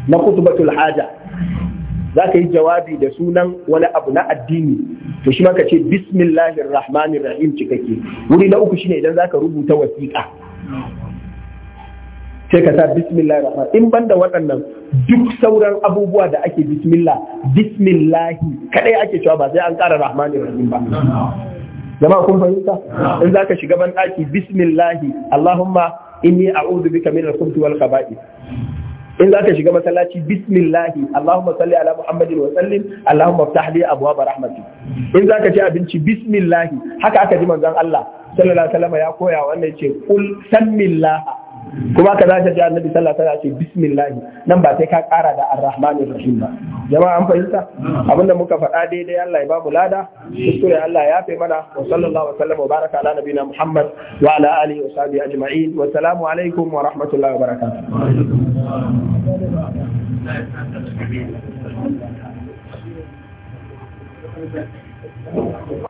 na kutubatul haja za ka yi jawabi da sunan wani abu na addini to shi ka ce bismillahir rahmanir rahim cikakke wuri na uku shine idan za ka rubuta wasiƙa sai ka sa bismillah rahman in banda waɗannan duk sauran abubuwa da ake bismillah bismillah kadai ake cewa ba sai an ƙara rahmanir rahim ba jama'a kun fahimta in zaka shiga ban daki bismillah allahumma inni a'udhu bika min al-khubuthi wal khaba'ith in zaka shiga masallaci bismillah allahumma salli ala muhammadin wa sallim allahumma iftah li abwaab rahmatik in zaka ci abinci bismillah haka aka ji manzon Allah sallallahu alaihi wasallam ya koya wannan ce kul sammillaha kuma ka zaka ji annabi sallallahu alaihi wasallam ce bismillah nan ba sai ka kara da arrahmanir rahim ba jama'a an fahimta abinda muka faɗa daidai Allah ya babu lada kuskure Allah ya yafe mana wa sallallahu alaihi sallam wa baraka ala nabina Muhammad wa ala alihi wa sahbihi ajma'in wa salamu alaikum wa rahmatullahi wa barakatuh